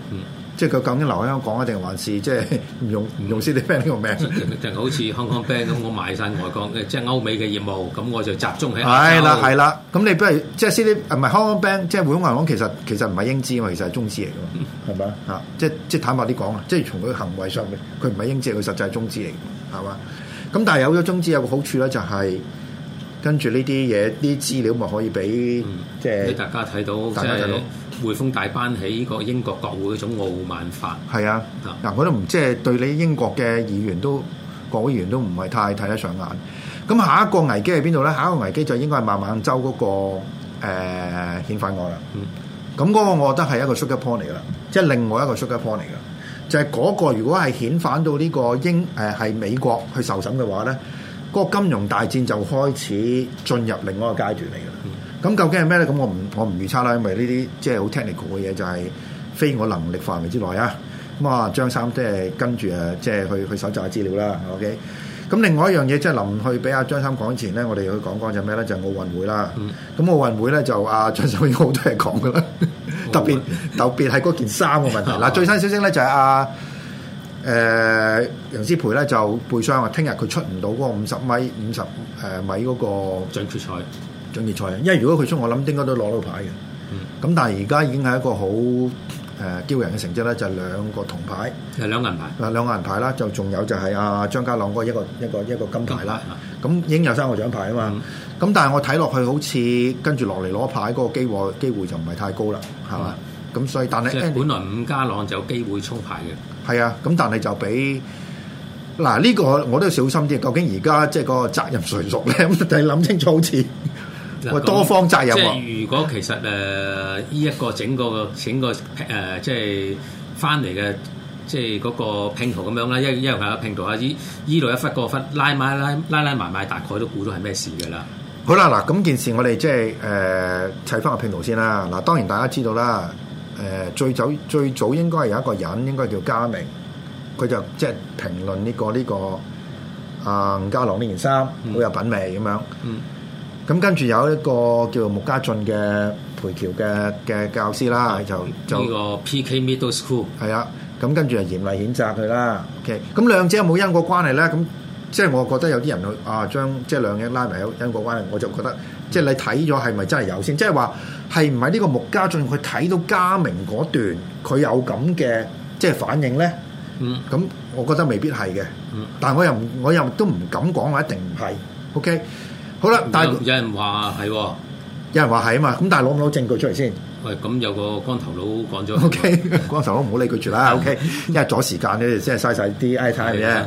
即係佢究竟留喺香港一定還是即係唔用唔用 CDB 呢個名？定好似、嗯、Hong Kong Bank 咁，我賣晒外國 即歐美嘅業務，咁我就集中喺。係啦，係啦。咁你如 CD, 不如即係 CDB，唔係 Hong Kong Bank，即係換話講，其實是其實唔係英資其實係中資嚟嘅，係咪啊？嚇吧！即坦白啲講啊，即係從佢行為上，面，佢唔係英資，佢實際係中資嚟嘅，係嘛？咁但係有咗中資有個好處咧、就是，就係跟住呢啲嘢，啲資料咪可以俾、嗯、即大家睇到，是大家睇到。匯豐大班喺呢個英國國會嗰種傲慢法，係啊，嗱、啊，我都唔即係對你英國嘅議員都國會議員都唔係太睇得上眼。咁下一個危機喺邊度咧？下一個危機就應該係孟晚舟嗰個、呃、遣返案啦。咁嗰、嗯、個我覺得係一個 shot point 嚟噶啦，即、就、係、是、另外一個 shot point 嚟噶，就係、是、嗰個如果係遣返到呢個英誒係、呃、美國去受審嘅話咧，嗰、那個金融大戰就開始進入另外一個階段嚟嘅。咁究竟係咩咧？咁我唔我唔預測啦，因為呢啲即係好 technical 嘅嘢，就係非我能力範圍之內啊！咁啊，張三即係跟住誒，即係去去蒐集資料啦。OK，咁另外一樣嘢即係臨去俾阿張三講前咧，我哋去講講就咩咧？就奧運會啦。咁奧運會咧就啊，張三好多嘢講噶啦，特別特別係嗰件衫嘅問題。嗱，最新消息咧就係阿誒楊思培咧就背傷話，聽日佢出唔到嗰個五十米五十誒米嗰個準決賽。總決賽，因為如果佢出，我諗應該都攞到牌嘅。咁、嗯、但係而家已經係一個好誒驕人嘅成績咧，就係、是、兩個銅牌，兩銀牌，兩銀牌啦。就仲有就係阿、啊、張家朗哥一個一個一個金牌啦。咁已經有三個獎牌啊嘛。咁、嗯、但係我睇落去好似跟住落嚟攞牌嗰個機機會就唔係太高啦，係嘛、嗯？咁所以但係本來伍家朗就有機會出牌嘅。係啊，咁但係就俾嗱呢個我都要小心啲，究竟而家即係個責任誰屬咧？咁就係諗清楚好似。說多方責任、啊。即如果其實誒依一個整個個整個誒即係翻嚟嘅，即係嗰個拼圖咁樣啦。一一路有拼圖，一依依度一忽個忽拉埋拉拉拉埋，大概都估到係咩事嘅啦。好啦，嗱，咁件事我哋即係誒砌翻個拼圖先啦。嗱，當然大家知道啦。誒、呃，最早最早應該係有一個人，應該叫嘉明，佢就即係評論呢個呢、這個啊伍家朗呢件衫，好、嗯、有品味咁樣。嗯。咁跟住有一個叫做穆家俊嘅培僑嘅嘅教師啦，就就呢個 PK Middle School 係啊，咁跟住就嚴厲譴責佢啦。OK，咁兩者有冇因果關係咧？咁即係我覺得有啲人去啊，將即係兩嘢拉埋喺因果關係，我就覺得、嗯、即係你睇咗係咪真係有先？即係話係唔係呢個穆家俊佢睇到加明嗰段，佢有咁嘅即係反應咧？嗯，咁我覺得未必係嘅。嗯，但係我又我又都唔敢講話一定唔係。OK。好啦，但係有人話係，有人話係啊嘛。咁但係攞唔攞證據出嚟先？喂，咁有個光頭佬講咗，OK，光頭佬唔好理佢住啦，OK，因為阻時間咧，即係嘥晒啲 time 嘅。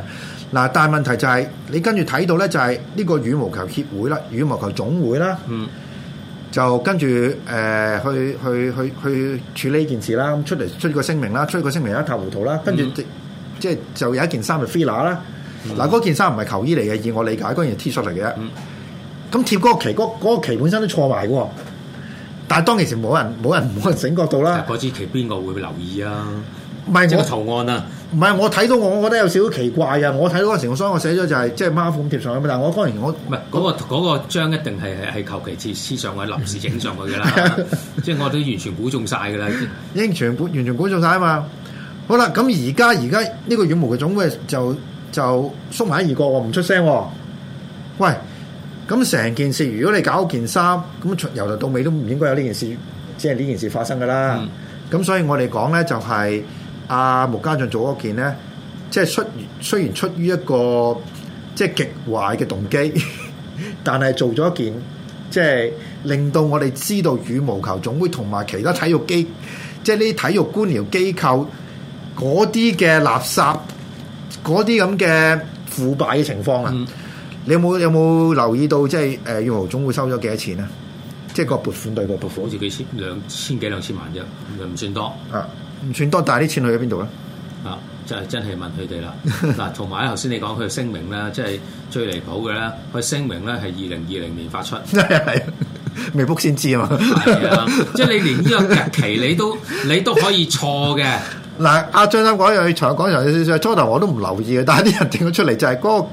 嗱，但係問題就係你跟住睇到咧，就係呢個羽毛球協會啦，羽毛球總會啦，嗯，就跟住誒去去去去處理呢件事啦。咁出嚟出個聲明啦，出個聲明一塌糊塗啦。跟住即係就有一件衫咪飛喇啦，嗱嗰件衫唔係球衣嚟嘅，以我理解嗰件 T 恤嚟嘅。咁貼嗰旗，嗰、那個、旗本身都錯埋喎，但係當其時冇人冇人冇人醒覺到啦。嗰支旗邊個會留意啊？唔係我圖案啊，唔係我睇到我，我,到我覺得有少少奇怪啊！我睇到個情況，所以我寫咗就係、是、即係馬虎咁貼上去，但係我當然我唔嗰、那個嗰、那個、章一定係係求其黐黐上位，臨時整上去嘅啦。 即係我都完全估中晒㗎啦，完全估完全估中晒啊嘛！好啦，咁而家而家呢個羽毛嘅種嘅就就縮埋一隅我唔出聲。喂！咁成件事，如果你搞一件衫，咁由頭到尾都唔應該有呢件事，即係呢件事發生噶啦。咁所以我哋講咧，就係阿穆家駿做嗰件咧，即係出雖然出於一個即係極壞嘅動機，但係做咗一件，即係令到我哋知道羽毛球總會同埋其他體育機，即係呢啲體育官僚機構嗰啲嘅垃圾，嗰啲咁嘅腐敗嘅情況啊！嗯你有冇有冇留意到即係誒裕豪總會收咗幾多錢啊？即係個撥款對個撥款好似幾千兩千幾兩千萬啫，唔算多啊，唔算多，但係啲錢去咗邊度咧？啊，就真係問佢哋啦。嗱， 同埋頭先你講佢嘅聲明咧，即係最離譜嘅咧，佢聲明咧係二零二零年發出，係未卜先知啊嘛。係 啊，即係你連呢個日期你都你都可以錯嘅。嗱、啊，阿張生講又去長廣場初頭我都唔留意嘅，但係啲人定咗出嚟就係嗰、那個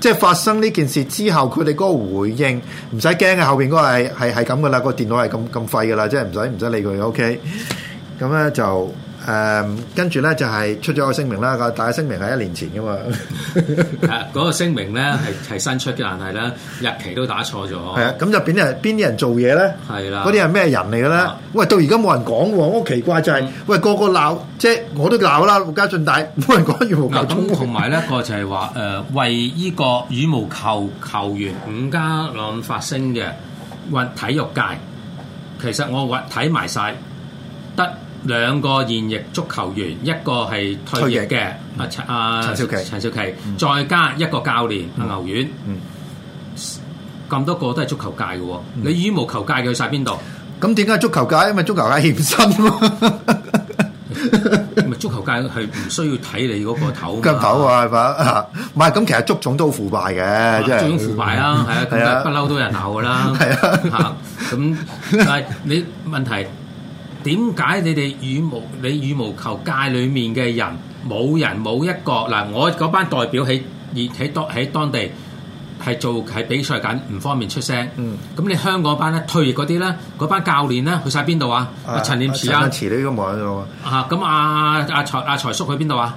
即係發生呢件事之後，佢哋嗰個回應唔使驚嘅，後邊嗰個係係咁噶啦，個電腦係咁咁廢噶啦，即係唔使唔使理佢，OK，咁咧就。誒，跟住咧就係、是、出咗個聲明啦，個大係聲明係一年前噶嘛是的，嗰 個聲明咧係係新出嘅，但係咧日期都打錯咗。係啊，咁入邊係邊啲人做嘢咧？係啦是的，嗰啲係咩人嚟嘅咧？喂，到而家冇人講，我好奇怪就係、是，嗯、喂，個個鬧，即係我都鬧啦，陸家俊大冇人講羽、那個呃、羽毛球。同埋呢個就係話，誒，為呢個羽毛球球員伍家朗發聲嘅，或體育界，其實我睇埋晒得。兩個現役足球員，一個係退役嘅啊陳啊陳少琪，陳少琪，再加一個教練牛丸，咁多個都係足球界嘅。你羽毛球界嘅去晒邊度？咁點解足球界？因為足球界欠薪咯。咪足球界係唔需要睇你嗰個頭，頭啊嘛。唔係，咁其實足總都腐敗嘅，即係足總腐敗啦，係啊，不嬲都有人鬧噶啦。係啊，咁但係你問題。點解你哋羽毛你羽毛球界裏面嘅人冇人冇一個嗱？我班代表喺而喺當喺當地係做喺比賽緊，唔方便出聲。嗯，咁你香港班咧，退役嗰啲咧，嗰班教練咧，去晒邊度啊？陳念慈啊，陳念慈呢個冇啊。啊，咁阿阿財阿財叔去邊度啊？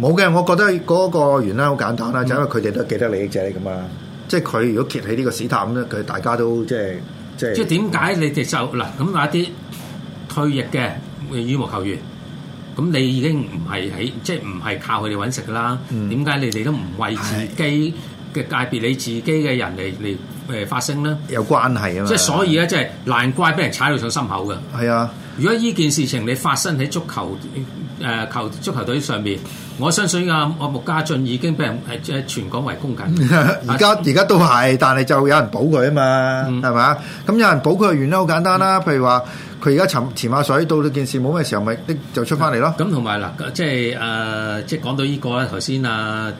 冇、啊、嘅、啊啊，我覺得嗰個原因好簡單啦，嗯、就因為佢哋都既得利益者嚟噶，即係佢如果揭起呢個屎塔咁咧，佢大家都即係即係。即係點解你哋就嗱咁嗱啲？嗯啊退役嘅羽毛球員，咁你已經唔係喺，即係唔係靠佢哋搵食㗎啦？點解、嗯、你哋都唔為自己嘅界別、你自己嘅人嚟嚟誒發聲咧？有關係啊嘛！即係所以咧，即係的難怪俾人踩到上心口嘅。係啊的！如果依件事情你發生喺足球誒、呃、球足球隊上面，我相信啊，我穆家俊已經俾人喺全港圍攻緊。而家而家都係，但係就有人保佢啊嘛，係嘛、嗯？咁有人保佢嘅原因好簡單啦、啊，譬如話。佢而家沉潛下水，到呢件事冇咩時候，咪啲就出翻嚟咯。咁同埋嗱，即係誒、呃，即係講到呢、呢個咧，頭先啊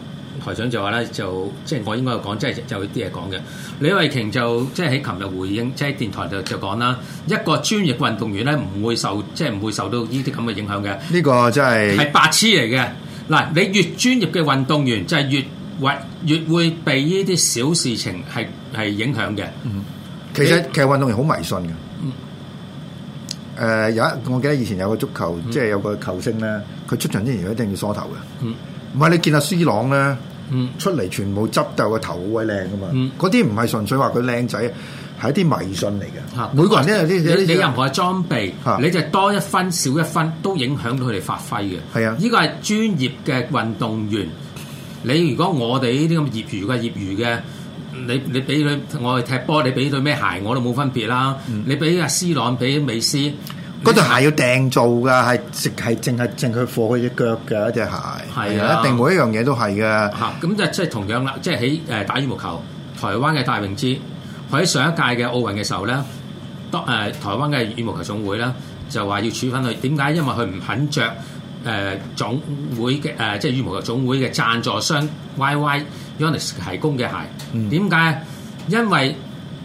台長就話咧，就即係我應該講，即係有啲嘢講嘅。李慧瓊就即係喺琴日回應，即係喺電台度就講啦，一個專業嘅運動員咧，唔會受即係唔會受到呢啲咁嘅影響嘅。呢個真係係白痴嚟嘅。嗱，你越專業嘅運動員就係、是、越越會被呢啲小事情係係影響嘅。嗯，其實你其實運動員好迷信嘅。誒有一，我記得以前有個足球，即係有個球星咧，佢出場之前一定要梳頭嘅。唔係、嗯、你見阿 C 朗咧，呢嗯、出嚟全部執到個頭好鬼靚㗎嘛。嗰啲唔係純粹話佢靚仔，係一啲迷信嚟嘅。啊、每個人都有啲，你任何嘅裝備，啊、你就多一分少一分都影響到佢哋發揮嘅。係啊，呢個係專業嘅運動員。你如果我哋呢啲咁業餘嘅業餘嘅。你你俾佢我去踢波，你俾對咩鞋我都冇分別啦。嗯、你俾阿 C 朗俾美斯，嗰對鞋要訂做㗎，係淨係淨係淨佢貨佢隻，隻，隻的腳嘅一隻鞋。係啊，一定每一樣嘢都係嘅。嚇、啊，咁即即同樣啦，即喺誒打羽毛球，台灣嘅戴資穎喺上一屆嘅奧運嘅時候咧，當誒、呃、台灣嘅羽毛球總會咧就話要處分佢，點解？因為佢唔肯着誒、呃、總會嘅誒、呃、即羽毛球總會嘅贊助商 Y Y。Yonex 提供嘅鞋，點解？因為，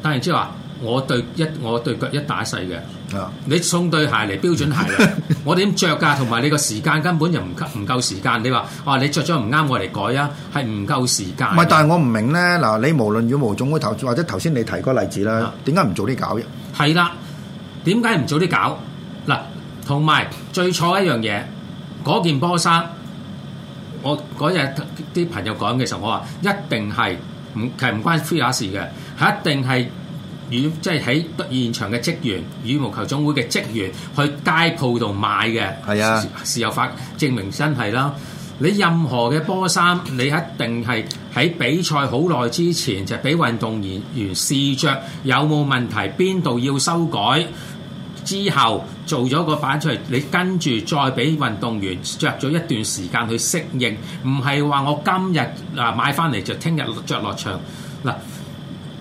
但係即係話，我對一我對腳一打細嘅，Yeah. 你送對鞋嚟標準鞋， 我點着㗎？同埋你個時間根本就唔唔夠時間。你話，哇、啊！你着咗唔啱，我嚟改啊，係唔夠時間。唔係，但係我唔明咧。嗱，你無論羽毛總會，或者頭先你提嗰個例子啦，點解唔早啲搞嘢？係啦，點解唔早啲搞？嗱，同埋最錯一樣嘢，嗰件波衫。我嗰日啲朋友講嘅時候，我話一定係唔其實唔關飛亞事嘅，係一定係羽即係喺現場嘅職員、羽毛球總會嘅職員去街鋪度買嘅。係是啊事，事有發證明真係啦。你任何嘅波衫，你一定係喺比賽好耐之前就俾運動員試着，有冇問題，邊度要修改之後。做咗個版出嚟，你跟住再畀運動員著咗一段時間去適應，唔係話我今日買翻嚟就聽日著落場嗱。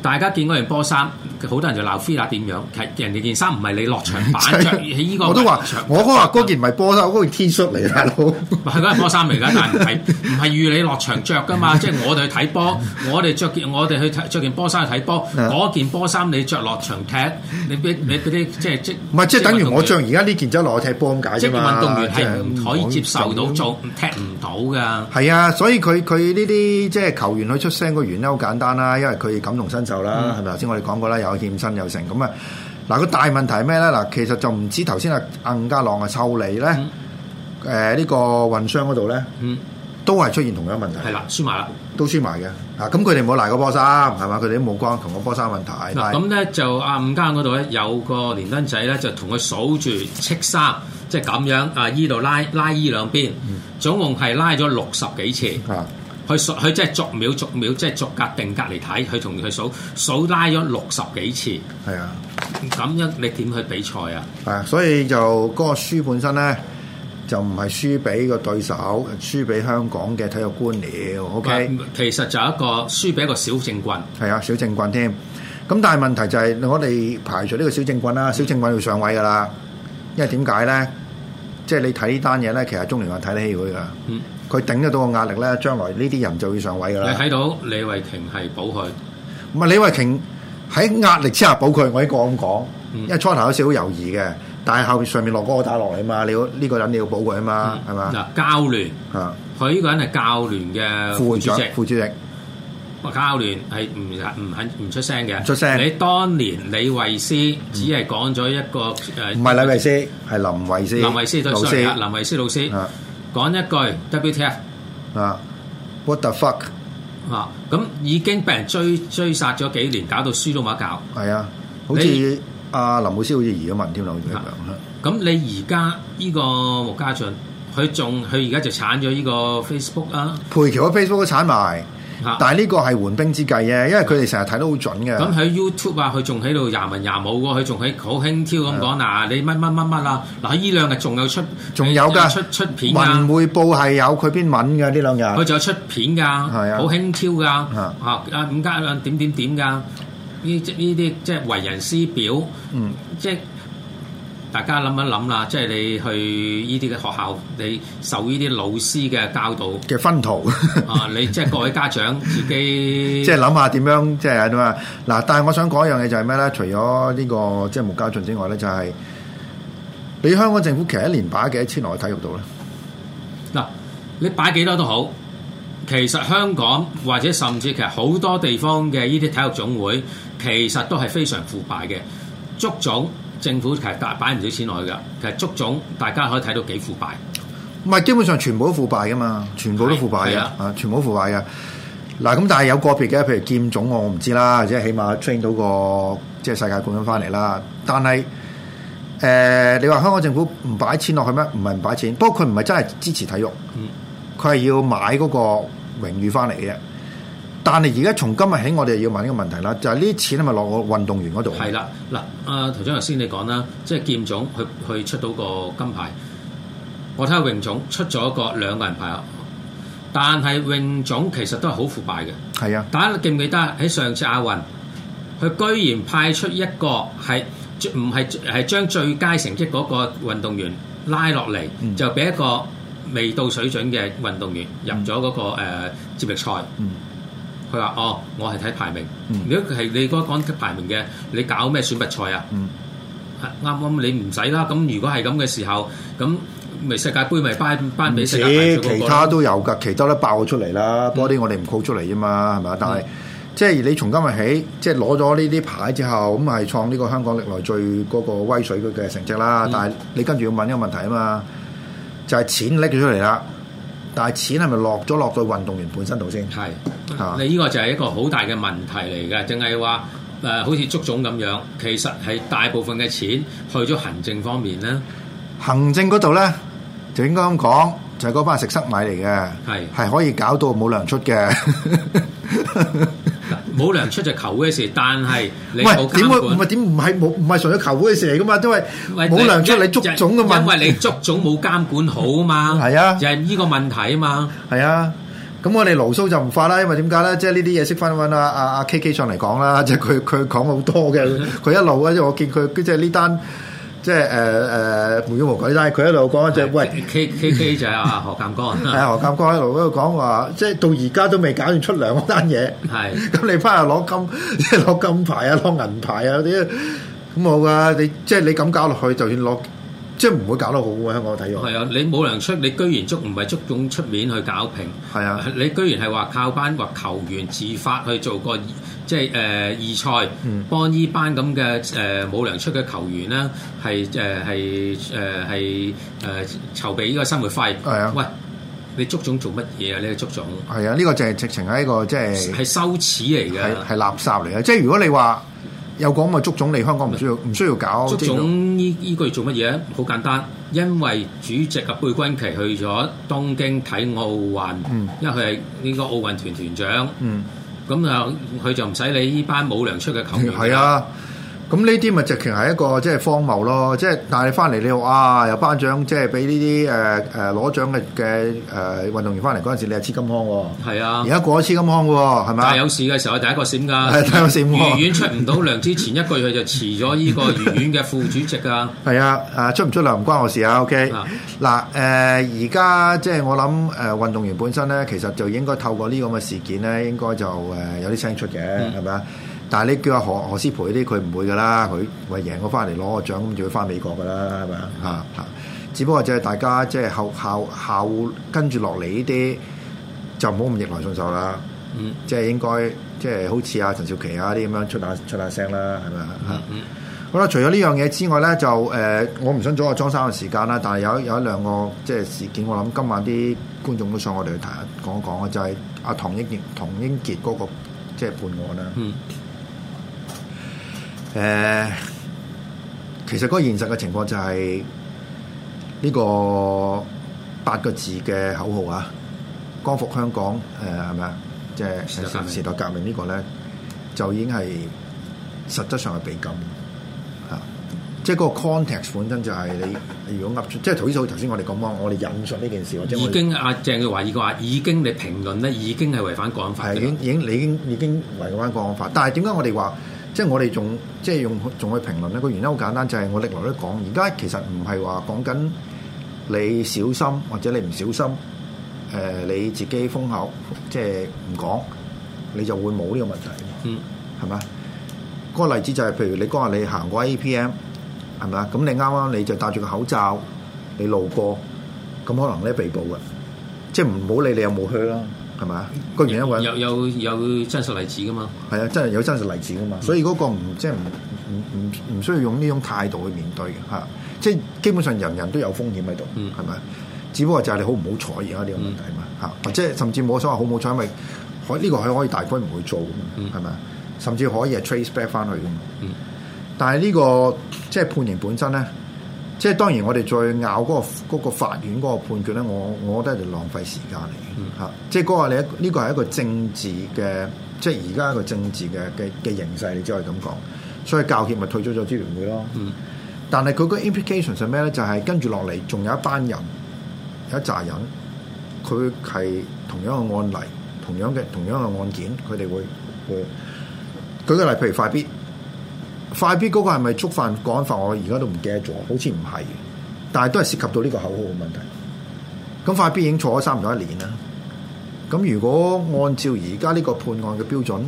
大家見嗰件波衫，好多人就鬧菲亞點樣？人哋件衫唔係你落場板着。係依、 就是、我都話我都嗰件唔係波衫，嗰 件 T 恤嚟。大佬，係嗰件波衫嚟㗎，但係唔係唔係預你落場着㗎嘛？即係 我哋去睇波，我哋着 件我哋去睇件波衫去睇波，嗰件波衫你着落場踢，你俾你嗰啲即係不即唔係即係等於我着。而家呢件衫落去踢波咁解啫嘛？即係運動員係唔即可以接受到做踢唔到㗎。係啊，所以佢佢呢啲即係球員去出聲個原因好簡單啦，因為佢感同身啦，係咪頭先我哋講過啦？有欠薪，又成咁啊！嗱，個大問題係咩咧？嗱，其實就唔知頭先啊，伍家朗啊，抽離咧，誒呢個運商嗰度咧，都係出現同樣問題。係啦，輸埋啦，都輸埋嘅。啊，咁佢哋冇賴過波衫，係嘛？佢哋冇關同個波衫問題。嗱，咁咧就啊，伍家朗嗰度咧有個連登仔咧，就同佢數住砌衫，即係咁樣啊，依度拉拉依兩邊，總共係拉咗六十幾次。佢熟，佢即係逐秒逐秒，即係逐格定格嚟睇，佢同佢數數拉咗六十幾次。係啊，咁樣你點去比賽啊？啊，所以就嗰個輸本身咧，就唔係輸俾個對手，輸俾香港嘅體育官僚。Okay，其實就係一個輸俾一個小政棍。係啊，小政棍添。咁但係問題就係，我哋排除呢個小政棍啦，小政棍要上位噶啦。因為點解咧？即係你睇呢單嘢咧，其實中聯辦睇得起佢㗎。嗯。佢頂得到個壓力咧，將來呢啲人就會上位噶啦。你睇到李慧瓊係保佢，唔係李慧瓊喺壓力之下保佢，我依個咁講。因為初頭有少少猶豫嘅，但係後面上面落柯打落嚟啊嘛，你要呢個人你要保佢啊嘛，係嘛？嗱，教聯啊，佢依個人係教聯嘅副主席，副主席。教聯係唔唔肯唔出聲嘅，出聲。你當年李慧詩只係講咗一個誒，唔係李慧詩，係林慧思，林慧思老師，林慧思老師。講一句，W T F 啊，What the fuck 啊！咁已經被人追追殺咗幾年，搞到書都冇得搞。係啊，好似阿林老師好似移咗民添，林林。咁、啊、你而家呢個穆家俊，佢仲佢而家就剷咗呢個 Facebook 啊？培僑嘅 Facebook 都剷埋。但係呢個係緩兵之計嘅，因為佢哋成日睇得好準嘅。咁喺 YouTube 啊，佢仲喺度廿文廿武喎，佢仲喺好輕佻咁講嗱，的你乜乜乜乜啦，嗱，呢兩日仲有出，仲有㗎，出出片啊！文匯報係有佢篇文嘅呢兩日，佢仲有出片㗎，係啊的，好輕佻㗎，啊的啊，五加兩點點點㗎，呢即呢啲即係為人師表，嗯，即。大家諗一諗啦，即係你去呢啲嘅學校，你受呢啲老師嘅教導嘅薰陶 啊！你即係各位家長自己，即係諗下點樣，即係點啊！嗱，但係我想講一樣嘢就係咩咧？除咗呢、這個即係無家盡之外咧，就係、是、你香港政府其實一年擺幾多錢落去體育度咧？嗱，你擺幾多都好，其實香港或者甚至其實好多地方嘅呢啲體育總會，其實都係非常腐敗嘅，足總。政府其實擺唔少錢落去嘅，其實足總大家可以睇到幾腐敗，唔係基本上全部都腐敗嘅嘛，全部都腐敗嘅，啊全部都腐敗嘅。嗱咁是的 但係有個別嘅，譬如劍總我唔知啦，即係起碼 train 到個即係世界冠軍翻嚟啦。但係誒、呃，你話香港政府唔擺錢落去咩？唔係唔擺錢，不過佢唔係真係支持體育，佢係要買嗰個榮譽翻嚟嘅。但係而家從今日起，我哋要問呢個問題啦，就係呢啲錢係咪落我運動員嗰度？係啦，嗱、呃，頭先頭先你講啦，即係劍總去佢出到個金牌，我睇下泳總出咗個兩個人牌，但係泳總其實都係好腐敗嘅。係啊！大家記唔記得喺上次亞運，佢居然派出一個係唔係係將最佳成績嗰個運動員拉落嚟，嗯、就俾一個未到水準嘅運動員入咗嗰、嗰個、嗯、接力賽。嗯佢話：哦，我係睇排名。嗯、如果佢係你嗰個排名嘅，你搞咩選拔賽啊？啱啱、嗯嗯、你唔使啦。咁如果係咁嘅時候，咁咪世界盃咪擺俾其他都有㗎，其他都爆咗出嚟啦。多啲我哋唔 call 出嚟啫嘛，係咪？但係是即係你從今日起，即係攞咗呢啲牌之後，咁係創呢個香港歷來最嗰個威水嘅成績啦。嗯、但係你跟住要問一個問題啊嘛，就係、是、錢拎咗出嚟啦。但係錢係咪落咗落到運動員本身度先？係，你、這、呢個就係一個好大嘅問題嚟嘅，淨係話誒好似足總咁樣，其實係大部分嘅錢去咗行政方面啦。行政嗰度咧，就應該咁講，就係嗰班食塞米嚟嘅，係係是可以搞到冇糧出嘅。 冇糧出就球會嘅事，但係唔係點會？唔係點唔係冇？唔係純粹球會嘅事嚟噶嘛？因為冇糧出喂你,你捉總嘅問題，你捉總冇監管好啊嘛。係 啊，就係呢個問題啊嘛。係啊，咁我哋牢騷就唔發啦。因為點解咧？即係呢啲嘢識翻揾阿阿 K K 上嚟講啦。即係佢佢講好多嘅，佢一路即我見佢即係呢單。就係即係誒誒無冤無鬼，但係佢喺度講即係，喂 K K K 仔啊， 何錦江係啊， 何錦江喺度喺度講話，即係到而家都未搞完出糧嗰單嘢，係咁是你翻去攞金，即係攞金牌啊，攞銀牌啊嗰啲，咁冇㗎，你即係你咁搞落去，就算攞。即係唔會搞得好嘅香港嘅體育。係啊，你冇糧出，你居然足唔係足總出面去搞平？係啊，你居然係話靠班或球員自發去做個即係誒義賽，嗯、幫呢班咁嘅誒冇糧出嘅球員呢，係誒係誒係誒籌備呢個生活費。係啊，喂，你足總做乜嘢啊？呢個足總係啊，呢個就係、係、直情係一個即係係羞恥嚟嘅，係垃圾嚟嘅。即係如果你話，有講咪捉總嚟香港唔需要唔需要搞？捉總依依句做乜嘢？好簡單，因為主席啊，貝君琦去咗東京睇奧運，嗯、因為佢係呢個奧運團團，團長。咁、嗯、啊，佢就唔使理呢班冇糧出嘅球員。係啊。咁呢啲咪直情係一個即係荒謬囉、啊。即係帶你返嚟你話啊，又、呃、頒、呃、獎即係俾呢啲誒攞獎嘅嘅誒運動員翻嚟嗰陣時，你係黐金康喎，係啊，而家過咗黐金康喎，係咪啊？有事嘅時候，啊、時候第一個閃㗎，係、啊，越院出唔到糧之前一個月就辭咗呢個院嘅副主席啊。係 啊，出唔出糧唔關我事啊。OK，嗱而家即係我諗誒、呃、運動員本身呢，其實就應該透過呢咁嘅事件呢，應該就、呃、有啲聲出嘅係咪啊？但係你叫阿何何詩蓓啲，佢唔會噶啦，佢為贏咗翻嚟攞個獎，咁就去翻美國噶啦，係咪啊？嚇、嗯嗯、只不過就係大家即係後後後跟住落嚟呢啲，就唔好咁逆來順受啦。即係、嗯、應該即係、就是、好似阿陳少琪啊啲咁樣出下出下聲啦，係咪啊？好啦，除咗呢樣嘢之外咧，就誒、呃、我唔想阻阿莊生嘅時間啦。但係有一有一兩個即係、就是、事件，我諗今晚啲觀眾都想我哋去睇一講一講嘅，就係、是、阿唐英傑唐英傑嗰個即係判案啦。嗯。呃、其實嗰個現實嘅情況就係呢個八個字嘅口號啊，光復香港誒，係咪啊？即係時代革命，時代革命這個呢個咧，就已經係實質上係被禁嚇。即係個 context 本身就係你，你如果噏出，即係頭先數頭先我哋講講，我哋引述呢件事，已經阿、啊、鄭耀華已經話，已經你評論咧，已經係違反《國安法》已。已經已經已經已經違反《國安法》，但是為什麼我說，但係點解我哋話？即係我哋仲即係用仲去評論咧，個原因好簡單，就係、是、我歷來都講，而家其實唔係話講緊你小心或者你唔小心，誒、呃、你自己封口，即係唔講，你就會冇呢個問題。嗯是吧，係咪？個例子就係、是、譬如你，你，M, 你嗰日你行過 APM，係咪啊？咁你啱啱你就戴住個口罩，你路過，咁可能你被捕嘅，即係唔好理你有冇去啦。係咪啊？個原因有有有，有真實例子噶嘛？係啊，真係有真實例子噶嘛？所以嗰個唔即係唔唔唔唔需要用呢種態度去面對嘅嚇，即係基本上人人都有風險喺度，係咪？只不過就係你好唔好彩而家呢個問題嘛嚇，即係甚至冇所謂好唔好彩，因為可呢個佢可以大規模去做，係咪？甚至可以係 trace back 翻去嘅。嗯、但係呢、這個即係判刑本身咧。即係當然，我哋再拗嗰個法院嗰個判決咧，我我覺得係就浪費時間嚟嘅嚇。嗯、即係嗰、嗰個你呢、呢個係一個政治嘅，即係而家一個政治嘅嘅嘅形勢，你只可以咁講。所以教協咪退咗咗支聯會咯。但係佢個 implication 係咩咧？就係跟住落嚟，仲有一班人，有一紮人，佢係同樣嘅案例，同樣嘅同樣嘅案件，佢哋會會舉個例，譬如快必。快必嗰個係咪觸犯國安法？我而家都唔記得咗，好似唔係，但係都係涉及到呢個口號嘅問題。咁快必已經坐咗差唔多一年啦。咁如果按照而家呢個判案嘅標準，誒、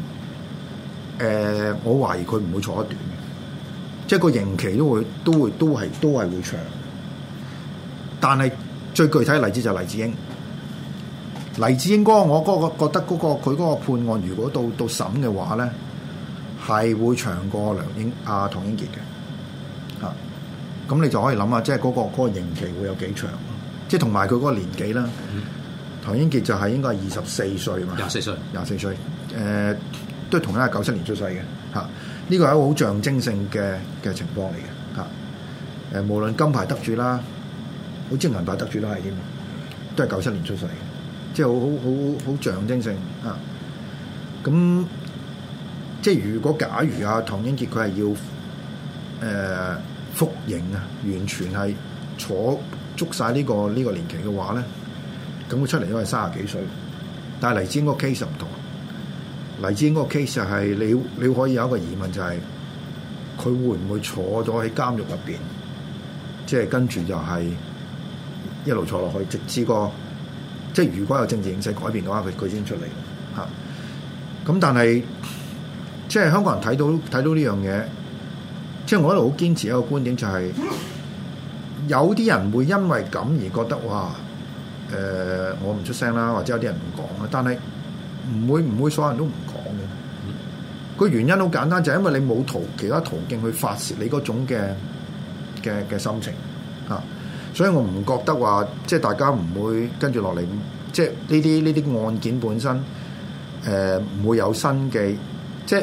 呃，我懷疑佢唔會坐得短嘅，即係個刑期都會都會都係都係會長。但係最具體嘅例子就係黎智英。黎智英哥、那個，我嗰個覺得嗰、那個佢嗰個判案，如果到到審嘅話咧。係會長過梁英啊，唐英傑嘅嚇。咁、啊、你就可以諗下，即係嗰個嗰、那個、刑期會有幾長？啊、即係同埋佢嗰個年紀啦。嗯、唐英傑就係應該係二十四歲嘛？廿四歲，廿四、嗯、歲，誒、呃、都係同樣係九七年出世嘅嚇。呢、啊、一個係好象徵性嘅嘅情況嚟嘅嚇。誒、啊啊，無論金牌得主啦，好似銀牌得主都係添，都係九七年出世嘅，即係好好好好象徵性啊。咁即係如果假如啊唐英傑佢係要誒服刑啊，完全係坐足晒呢個呢、呢個、年期嘅話咧，咁佢出嚟應該係三十幾歲。但係黎智英嗰 case 唔同，黎智英嗰 case 就係、是、你你可以有一個疑問就係、是、佢會唔會坐咗喺監獄入面？即係跟住就係一路坐落去，直至個即係如果有政治形勢改變嘅話佢佢先出嚟吓咁、嗯、但係。即係香港人睇到睇到呢樣嘢，即係我一路好堅持一個觀點、就是，就係有啲人會因為咁而覺得哇，誒、呃、我唔出聲啦，或者有啲人唔講啊，但係唔會唔會所有人都唔講嘅。個原因好簡單，就係、是、因為你冇途其他途徑去發泄你嗰種嘅嘅嘅心情啊，所以我唔覺得話即係大家唔會跟住落嚟，即係呢啲呢啲案件本身誒唔、呃、會有新嘅即係。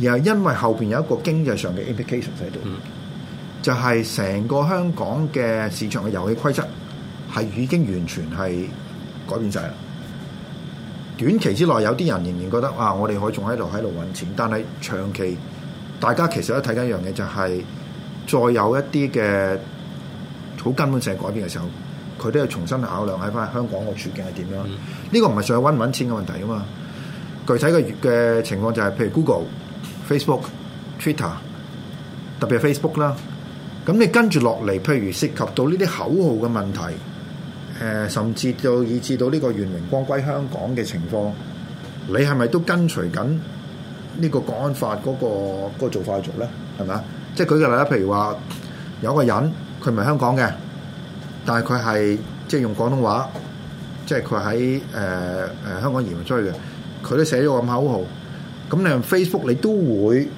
然後因為後邊有一個經濟上嘅 i m p l i c a t i o n 喺度，就係成個香港嘅市場嘅遊戲規則係已經完全係改變晒啦。短期之內有啲人仍然覺得啊，我哋可以仲喺度喺度揾錢，但係長期大家其實都睇緊一樣嘢，就係再有一啲嘅好根本性的改變嘅時候，佢都要重新考量喺翻香港嘅處境係點樣。呢個唔係上去揾唔揾錢嘅問題啊嘛。具體嘅嘅情況就係譬如 Google。Facebook、Twitter，特別係 Facebook 啦。咁你跟住落嚟，譬如涉及到呢啲口號嘅問題，誒，甚至就以至到呢個原名光歸香港嘅情況，你係咪都跟隨緊呢個《國安法》嗰個嗰個做法做咧？係咪啊？即係舉個例啦，譬如話有個人佢唔係香港嘅，但係佢係即係用廣東話，即係佢喺誒誒香港移民出去嘅，佢都寫咗個口號。咁你用 Facebook 你都會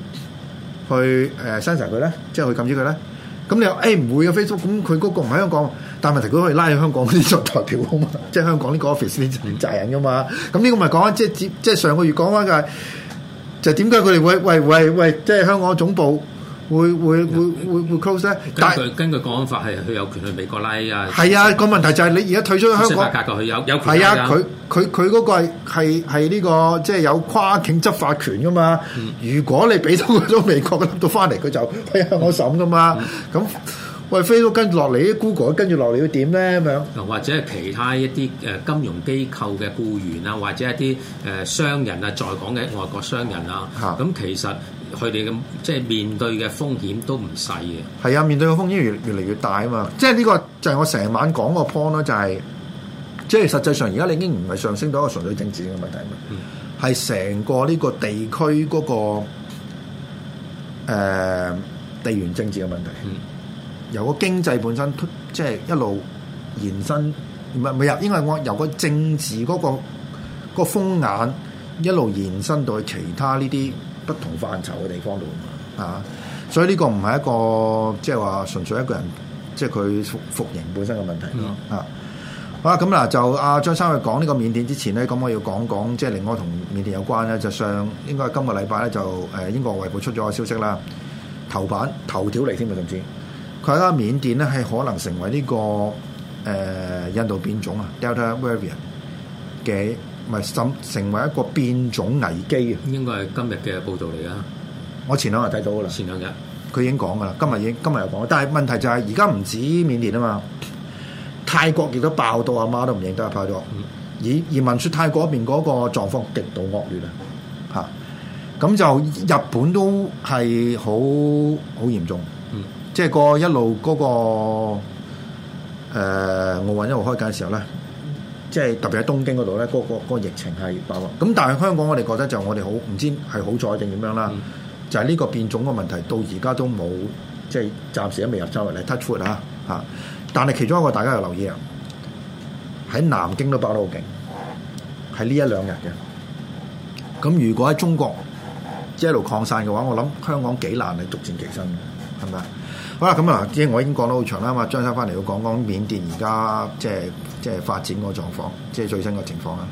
去誒 censor 佢咧，即係去禁止佢咧。咁你又誒唔會嘅 Facebook，咁佢嗰個唔喺香港，但問題佢可以拉去香港嗰啲作台掉啊嘛，即係香港呢個 office 就負責任噶嘛。咁呢個咪講啊，即係接即係上個月講翻就係就點解佢哋會喂喂喂即係香港總部？會會會會會 close 咧？但係根據根據《國安法》，係佢有權去美國拉呀。係是啊，判個問題就係你而家退出香港，佢有有權啦。係啊，佢佢佢嗰個係係呢個即係、就是、有跨境執法權噶嘛？嗯、如果你俾到嗰種美國嗰度翻嚟，佢就係、嗯、我審噶嘛？咁、嗯、喂，Facebook 跟落嚟，Google 跟住落嚟，要點咧？咁樣。或者係其他一啲誒金融機構嘅僱員啊，或者一啲誒商人啊，在港嘅外國商人啊，咁、啊、其實。佢哋咁即係面對嘅風險都唔細嘅，係啊！面對嘅風險越越嚟越大啊嘛！即係呢個就係我成晚講個 point 咯、就係，就係即係實際上而家你已經唔係上升到一個純粹政治嘅問題啊嘛，係成個呢個地區嗰個誒地緣政治嘅問題，由個經濟本身即係一路延伸，唔係唔係啊？因為我由個政治嗰、嗰個個風眼一路延伸到去其他呢啲。不同範疇嘅地方度啊，所以呢個唔係一個即係話純粹一個人，即係佢服服刑本身嘅問題咯啊。好啦、嗯啊，咁嗱就阿、啊、張生去講呢個緬甸之前咧，咁我要講講即係、就是、另外同緬甸有關咧，就上應該今個禮拜咧就誒、呃、英國衛報出咗個消息啦，頭版頭條嚟添啊，甚至佢話緬甸咧係可能成為呢、這個、呃、印度變種啊，Delta variant 嘅。咪甚成為一個變種危機啊！應該係今日嘅報道嚟，我前兩日睇到噶啦，前兩日佢已經講噶啦，今日已經今日又講。但係問題就係、是，而家唔止緬甸啊嘛，泰國亦都爆到阿媽都唔認得啊！爆咗、嗯，而而聞說泰國嗰邊嗰個狀況極度惡劣啊！吓，咁就日本都係好好嚴重，嗯、即係個一路嗰、那個誒、呃，奧運一路開緊嘅時候咧。即係特別喺東京嗰度咧，嗰、嗰個、嗰個疫情係爆咁但係香港，我哋覺得就我哋好唔知係好彩定點樣啦。嗯、就係呢個變種嘅問題到現在都沒有，到而家都冇即係暫時都未入周圍嚟 touch wood、啊、但係其中一個大家又留意啊，喺南京都爆得好勁，喺呢一兩日嘅。咁如果喺中國一路擴散嘅話，我諗香港幾難係逐漸企身嘅，係咪？好啦，咁啊，即係我已經講得好長啦嘛。張生翻嚟要講講緬甸而家即係。即係發展嗰狀況，即係最新嘅情況啦。